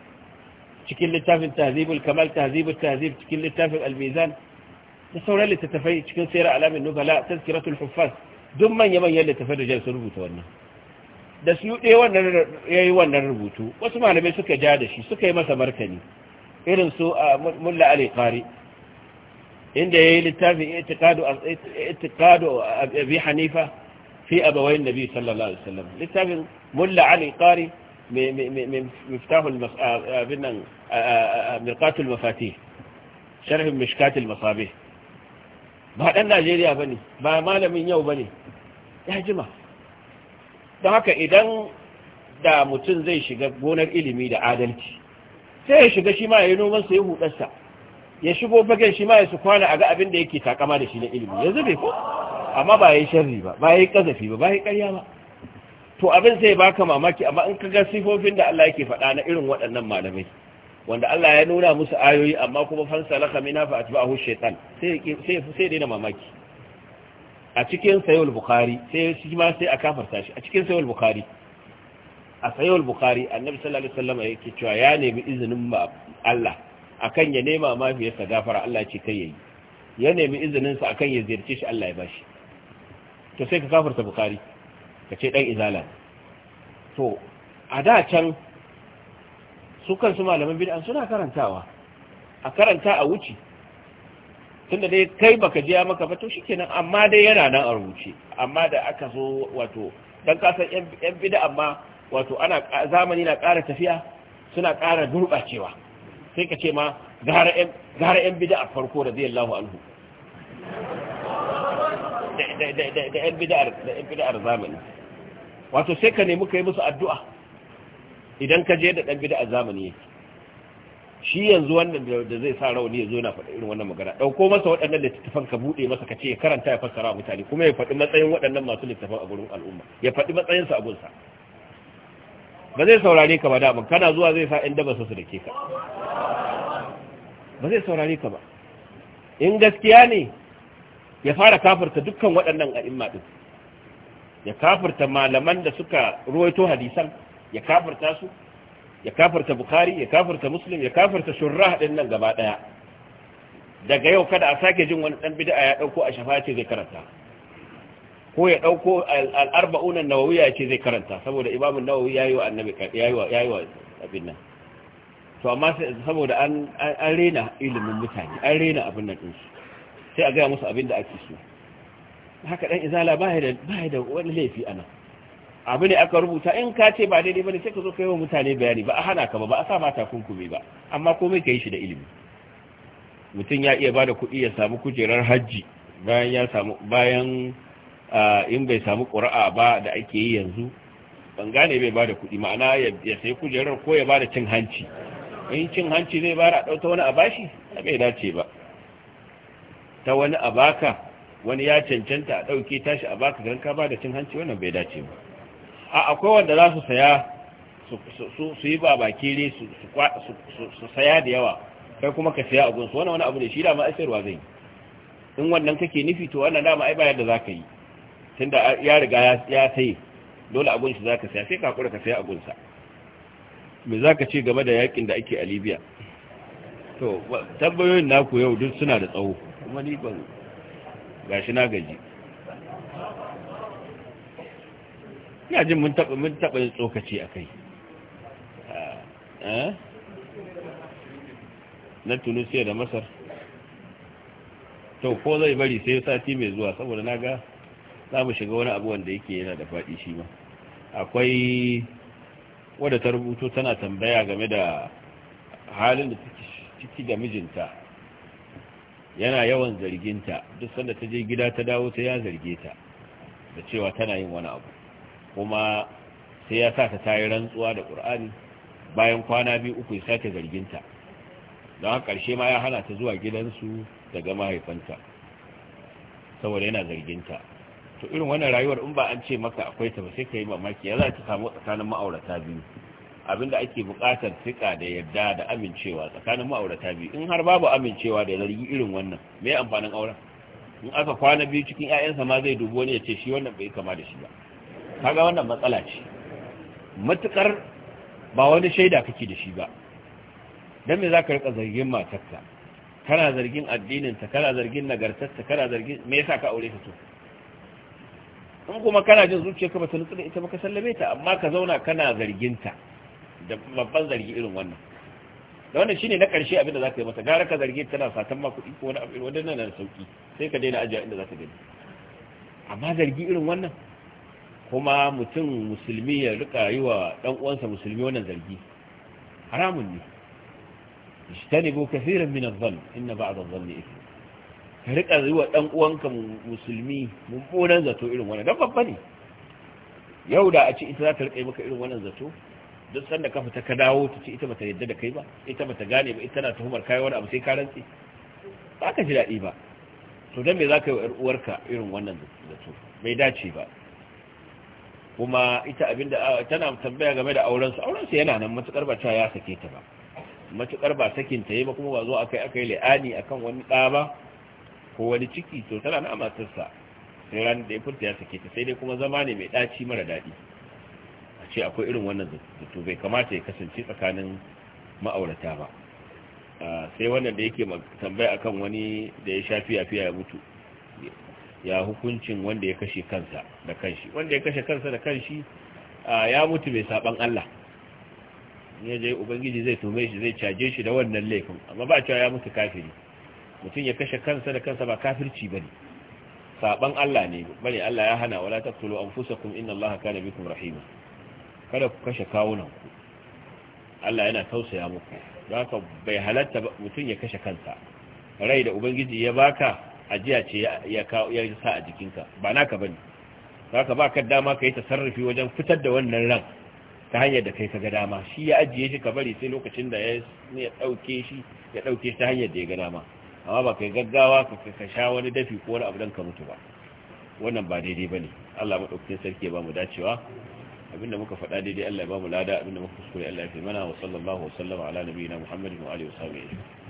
cikin littafin tahzibul kamal tahzibul tahzib cikin littafin al mizan da sauran littattafai cikin sayar alamin nubala tazkiratul huffaz duk manya manyan littattafai da jalsa rubuta wannan da suyuɗe wannan ya yi wannan rubutu wasu malamai suka ja da shi suka yi masa martani irin su a mulla alikari inda ya yi littafin itikadu abi hanifa fi abawayin nabi sallallahu alaihi wasallam littafin mulla alikari miftahul abinan mirkatul mafati sharhin mishkatul masabe ba ɗan najeriya ba ne ba malamin yau ba ne ya jima don haka idan da mutum zai shiga gonar ilimi da adalci sai ya shiga shi ma ya yi noman sa ya hudarsa ya shigo fagen shi ma ya su kwana a ga abin da yake takama da shi na ilimi yanzu bai ko amma ba ya yi sharri ba ba ya yi kazafi ba ba ya yi karya ba to abin sai baka mamaki amma in ka ga sifofin da Allah yake faɗa na irin waɗannan malamai wanda Allah ya nuna musu ayoyi amma kuma fansalaka mina fa atba'ahu shaytan sai sai sai daina mamaki a cikin sayul bukhari sai shi ma sai a kafarta shi a cikin sayul bukhari a sayul bukhari annabi sallallahu alaihi wasallam yake cewa ya nemi izinin Allah akan ya nema mafiyarsa gafara Allah ce kai yayi ya nemi izinin sa akan ya ziyarce shi Allah ya bashi to sai ka kafarta bukhari ka ce dan izala to a da can su su malaman bid'a suna karantawa a karanta a wuce tunda dai kai baka jiya maka ba to shikenan amma dai yana nan a rubuce amma da aka zo wato dan kasan yan bida amma wato ana zamani na ƙara tafiya suna ƙara gurbacewa sai ka ce ma gara yan gara yan bida farko radiyallahu anhu da yan bid'a da yan bid'a zamani wato sai ka nemi kai musu addu'a idan ka je da dan bid'a zamani yake shi yanzu wannan da zai sa rauni ya zo na faɗa irin wannan magana ɗauko masa waɗannan littattafan ka buɗe masa ka ce ya karanta ya fassara mutane kuma ya faɗi matsayin waɗannan masu littattafan a gurin al'umma ya faɗi matsayinsa a gunsa ba zai saurare ka ba da mun kana zuwa zai sa ɗan daba su da ke ka ba zai saurare ka ba in gaskiya ne ya fara kafirta dukkan waɗannan a'imma ɗin ya kafirta malaman da suka ruwaito hadisan ya kafirta su ya kafarta bukhari ya kafarta muslim ya kafarta shurrah din nan gaba daya daga yau kada a sake jin wani dan bid'a ya dauko a shafati zai karanta ko ya dauko al-arba'un an nawawiya ce zai karanta saboda imamu nawawi yayi wa annabi yayi wa yayi wa abin nan to amma saboda an an rena ilimin mutane an rena abin nan din sai a ga musu abin da ake so haka dan izala ba da ba da wani laifi anan abu ne aka rubuta in ka ce ba daidai ne, sai ka zo ka yi wa mutane bayani ba a hana ka ba ba a sa mata kunkume ba amma komai ka yi shi da ilimi mutum ya iya bada kuɗi ya samu kujerar hajji bayan ya samu bayan in bai samu ƙura'a ba da ake yi yanzu ban gane bai bada kuɗi ma'ana ya sayi kujerar ko ya bada cin hanci in cin hanci zai bara a ɗauta wani a bashi a bai dace ba ta wani a baka wani ya cancanta a ɗauke tashi a baka don ka bada cin hanci wannan bai dace ba a akwai wanda za su saya su yi ba ne su saya da yawa kai kuma ka saya abun su wannan wani abu ne shi dama sayarwa zai in wannan kake nufi to wannan dama ai bayar da za ka yi tunda ya riga ya sai dole abun za ka saya sai ka kura ka saya abun sa me za ka ce game da yakin da ake a libya to tabbayoyin naku yau duk suna da tsawo kuma ni ban gashi na gaji ya jin mun taɓa mun taɓa tsokaci a kai eh? na tunisiya da masar to ko zai bari sai sati mai zuwa saboda na ga za mu shiga wani abu wanda yake yana da faɗi shi ma akwai wadda ta rubuto tana tambaya game da halin da ciki da mijinta yana yawan zarginta duk sanda ta je gida ta dawo ta ya zarge ta da cewa tana yin wani abu kuma sai ya sa ta tayi rantsuwa da ƙur'ani bayan kwana biyu uku ya sake zarginta don haka ma ya hana ta zuwa gidansu daga mahaifanta saboda yana zarginta to irin wannan rayuwar in ba an ce maka akwai ta ba sai ka yi mamaki ya za ta samu tsakanin ma'aurata biyu abinda ake buƙatar tsika da yadda da amincewa tsakanin ma'aurata biyu in har babu amincewa da zargi irin wannan me amfanin auren in aka kwana biyu cikin 'ya'yansa ma zai dubo ne ya ce shi wannan bai kama da shi ba kaga wannan matsala ce matukar ba wani shaida kake da shi ba dan me zaka rika zargin matarka kana zargin addinin ta kana zargin nagartarta kana zargin me yasa ka aure ta to in kuma kana jin zuciya ba ta nutsu da ita ba ka sallame ta amma ka zauna kana zargin ta da babban zargi irin wannan da wannan shine na karshe abin da zaka yi mata gara ka zargi tana satan ma kuɗi ko wani abin wannan nan sauki sai ka daina ajiya inda zaka gani amma zargi irin wannan kuma mutum musulmi ya rika yi wa dan uwansa musulmi wannan zargi haramun ne ishtanibu kaseeran min adh-dhann inna ba'd adh-dhanni ithm ka rika yi wa dan uwanka musulmi mummunan zato irin wannan don babba ne yau da a ce ita za ta rika yi maka irin wannan zato duk sanda ka fita ka dawo ta ce ita bata yadda da kai ba ita bata gane ba ita na tuhumar kai wani abu sai ka rantsi ba ka ji daɗi ba to dan me za ka yi wa uwarka irin wannan zato bai dace ba kuma ita abinda tana tambaya game da aurensu aurensu yana nan matukar ba ta ya sake ta ba matukar ba sakin ta yi ba kuma ba zo akai akai li'ani akan wani da ba ko wani ciki to tana na matarsa sai ran da ya furta ya sake ta sai dai kuma zama ne mai daci mara daɗi a ce akwai irin wannan zato bai kamata ya kasance tsakanin ma'aurata ba sai wannan da yake tambaya akan wani da ya sha fiya fiya ya mutu ya hukuncin wanda ya kashe kansa da kanshi wanda ya kashe kansa da kanshi ya mutu mai saban Allah ya je ubangiji zai tume shi zai caje shi da wannan laifin amma ba cewa ya mutu kafiri mutum ya kashe kansa da kansa ba kafirci bane saban Allah ne bane Allah ya hana wala taqtulu anfusakum inna Allaha kana bikum rahima kada ku kashe kawunan ku Allah yana tausaya muku don haka bai halatta mutum ya kashe kansa rai da ubangiji ya baka ajiya ce ya sa a jikinka ba naka bane zaka ba ka dama ka yi tasarrufi wajen fitar da wannan ran ta hanyar da kai ka ga dama shi ya ajiye shi ka bari sai lokacin da ya dauke shi ya dauke ta hanyar da ya ga dama amma ba kai gaggawa ka ka sha wani dafi ko wani abu dan ka mutu ba wannan ba daidai bane Allah madaukakin sarki ya ba mu dacewa abinda muka faɗa daidai Allah ya ba mu lada abinda muka kuskure Allah ya fi mana wa sallallahu wa sallama ala nabiyina Muhammadin wa alihi wa sahbihi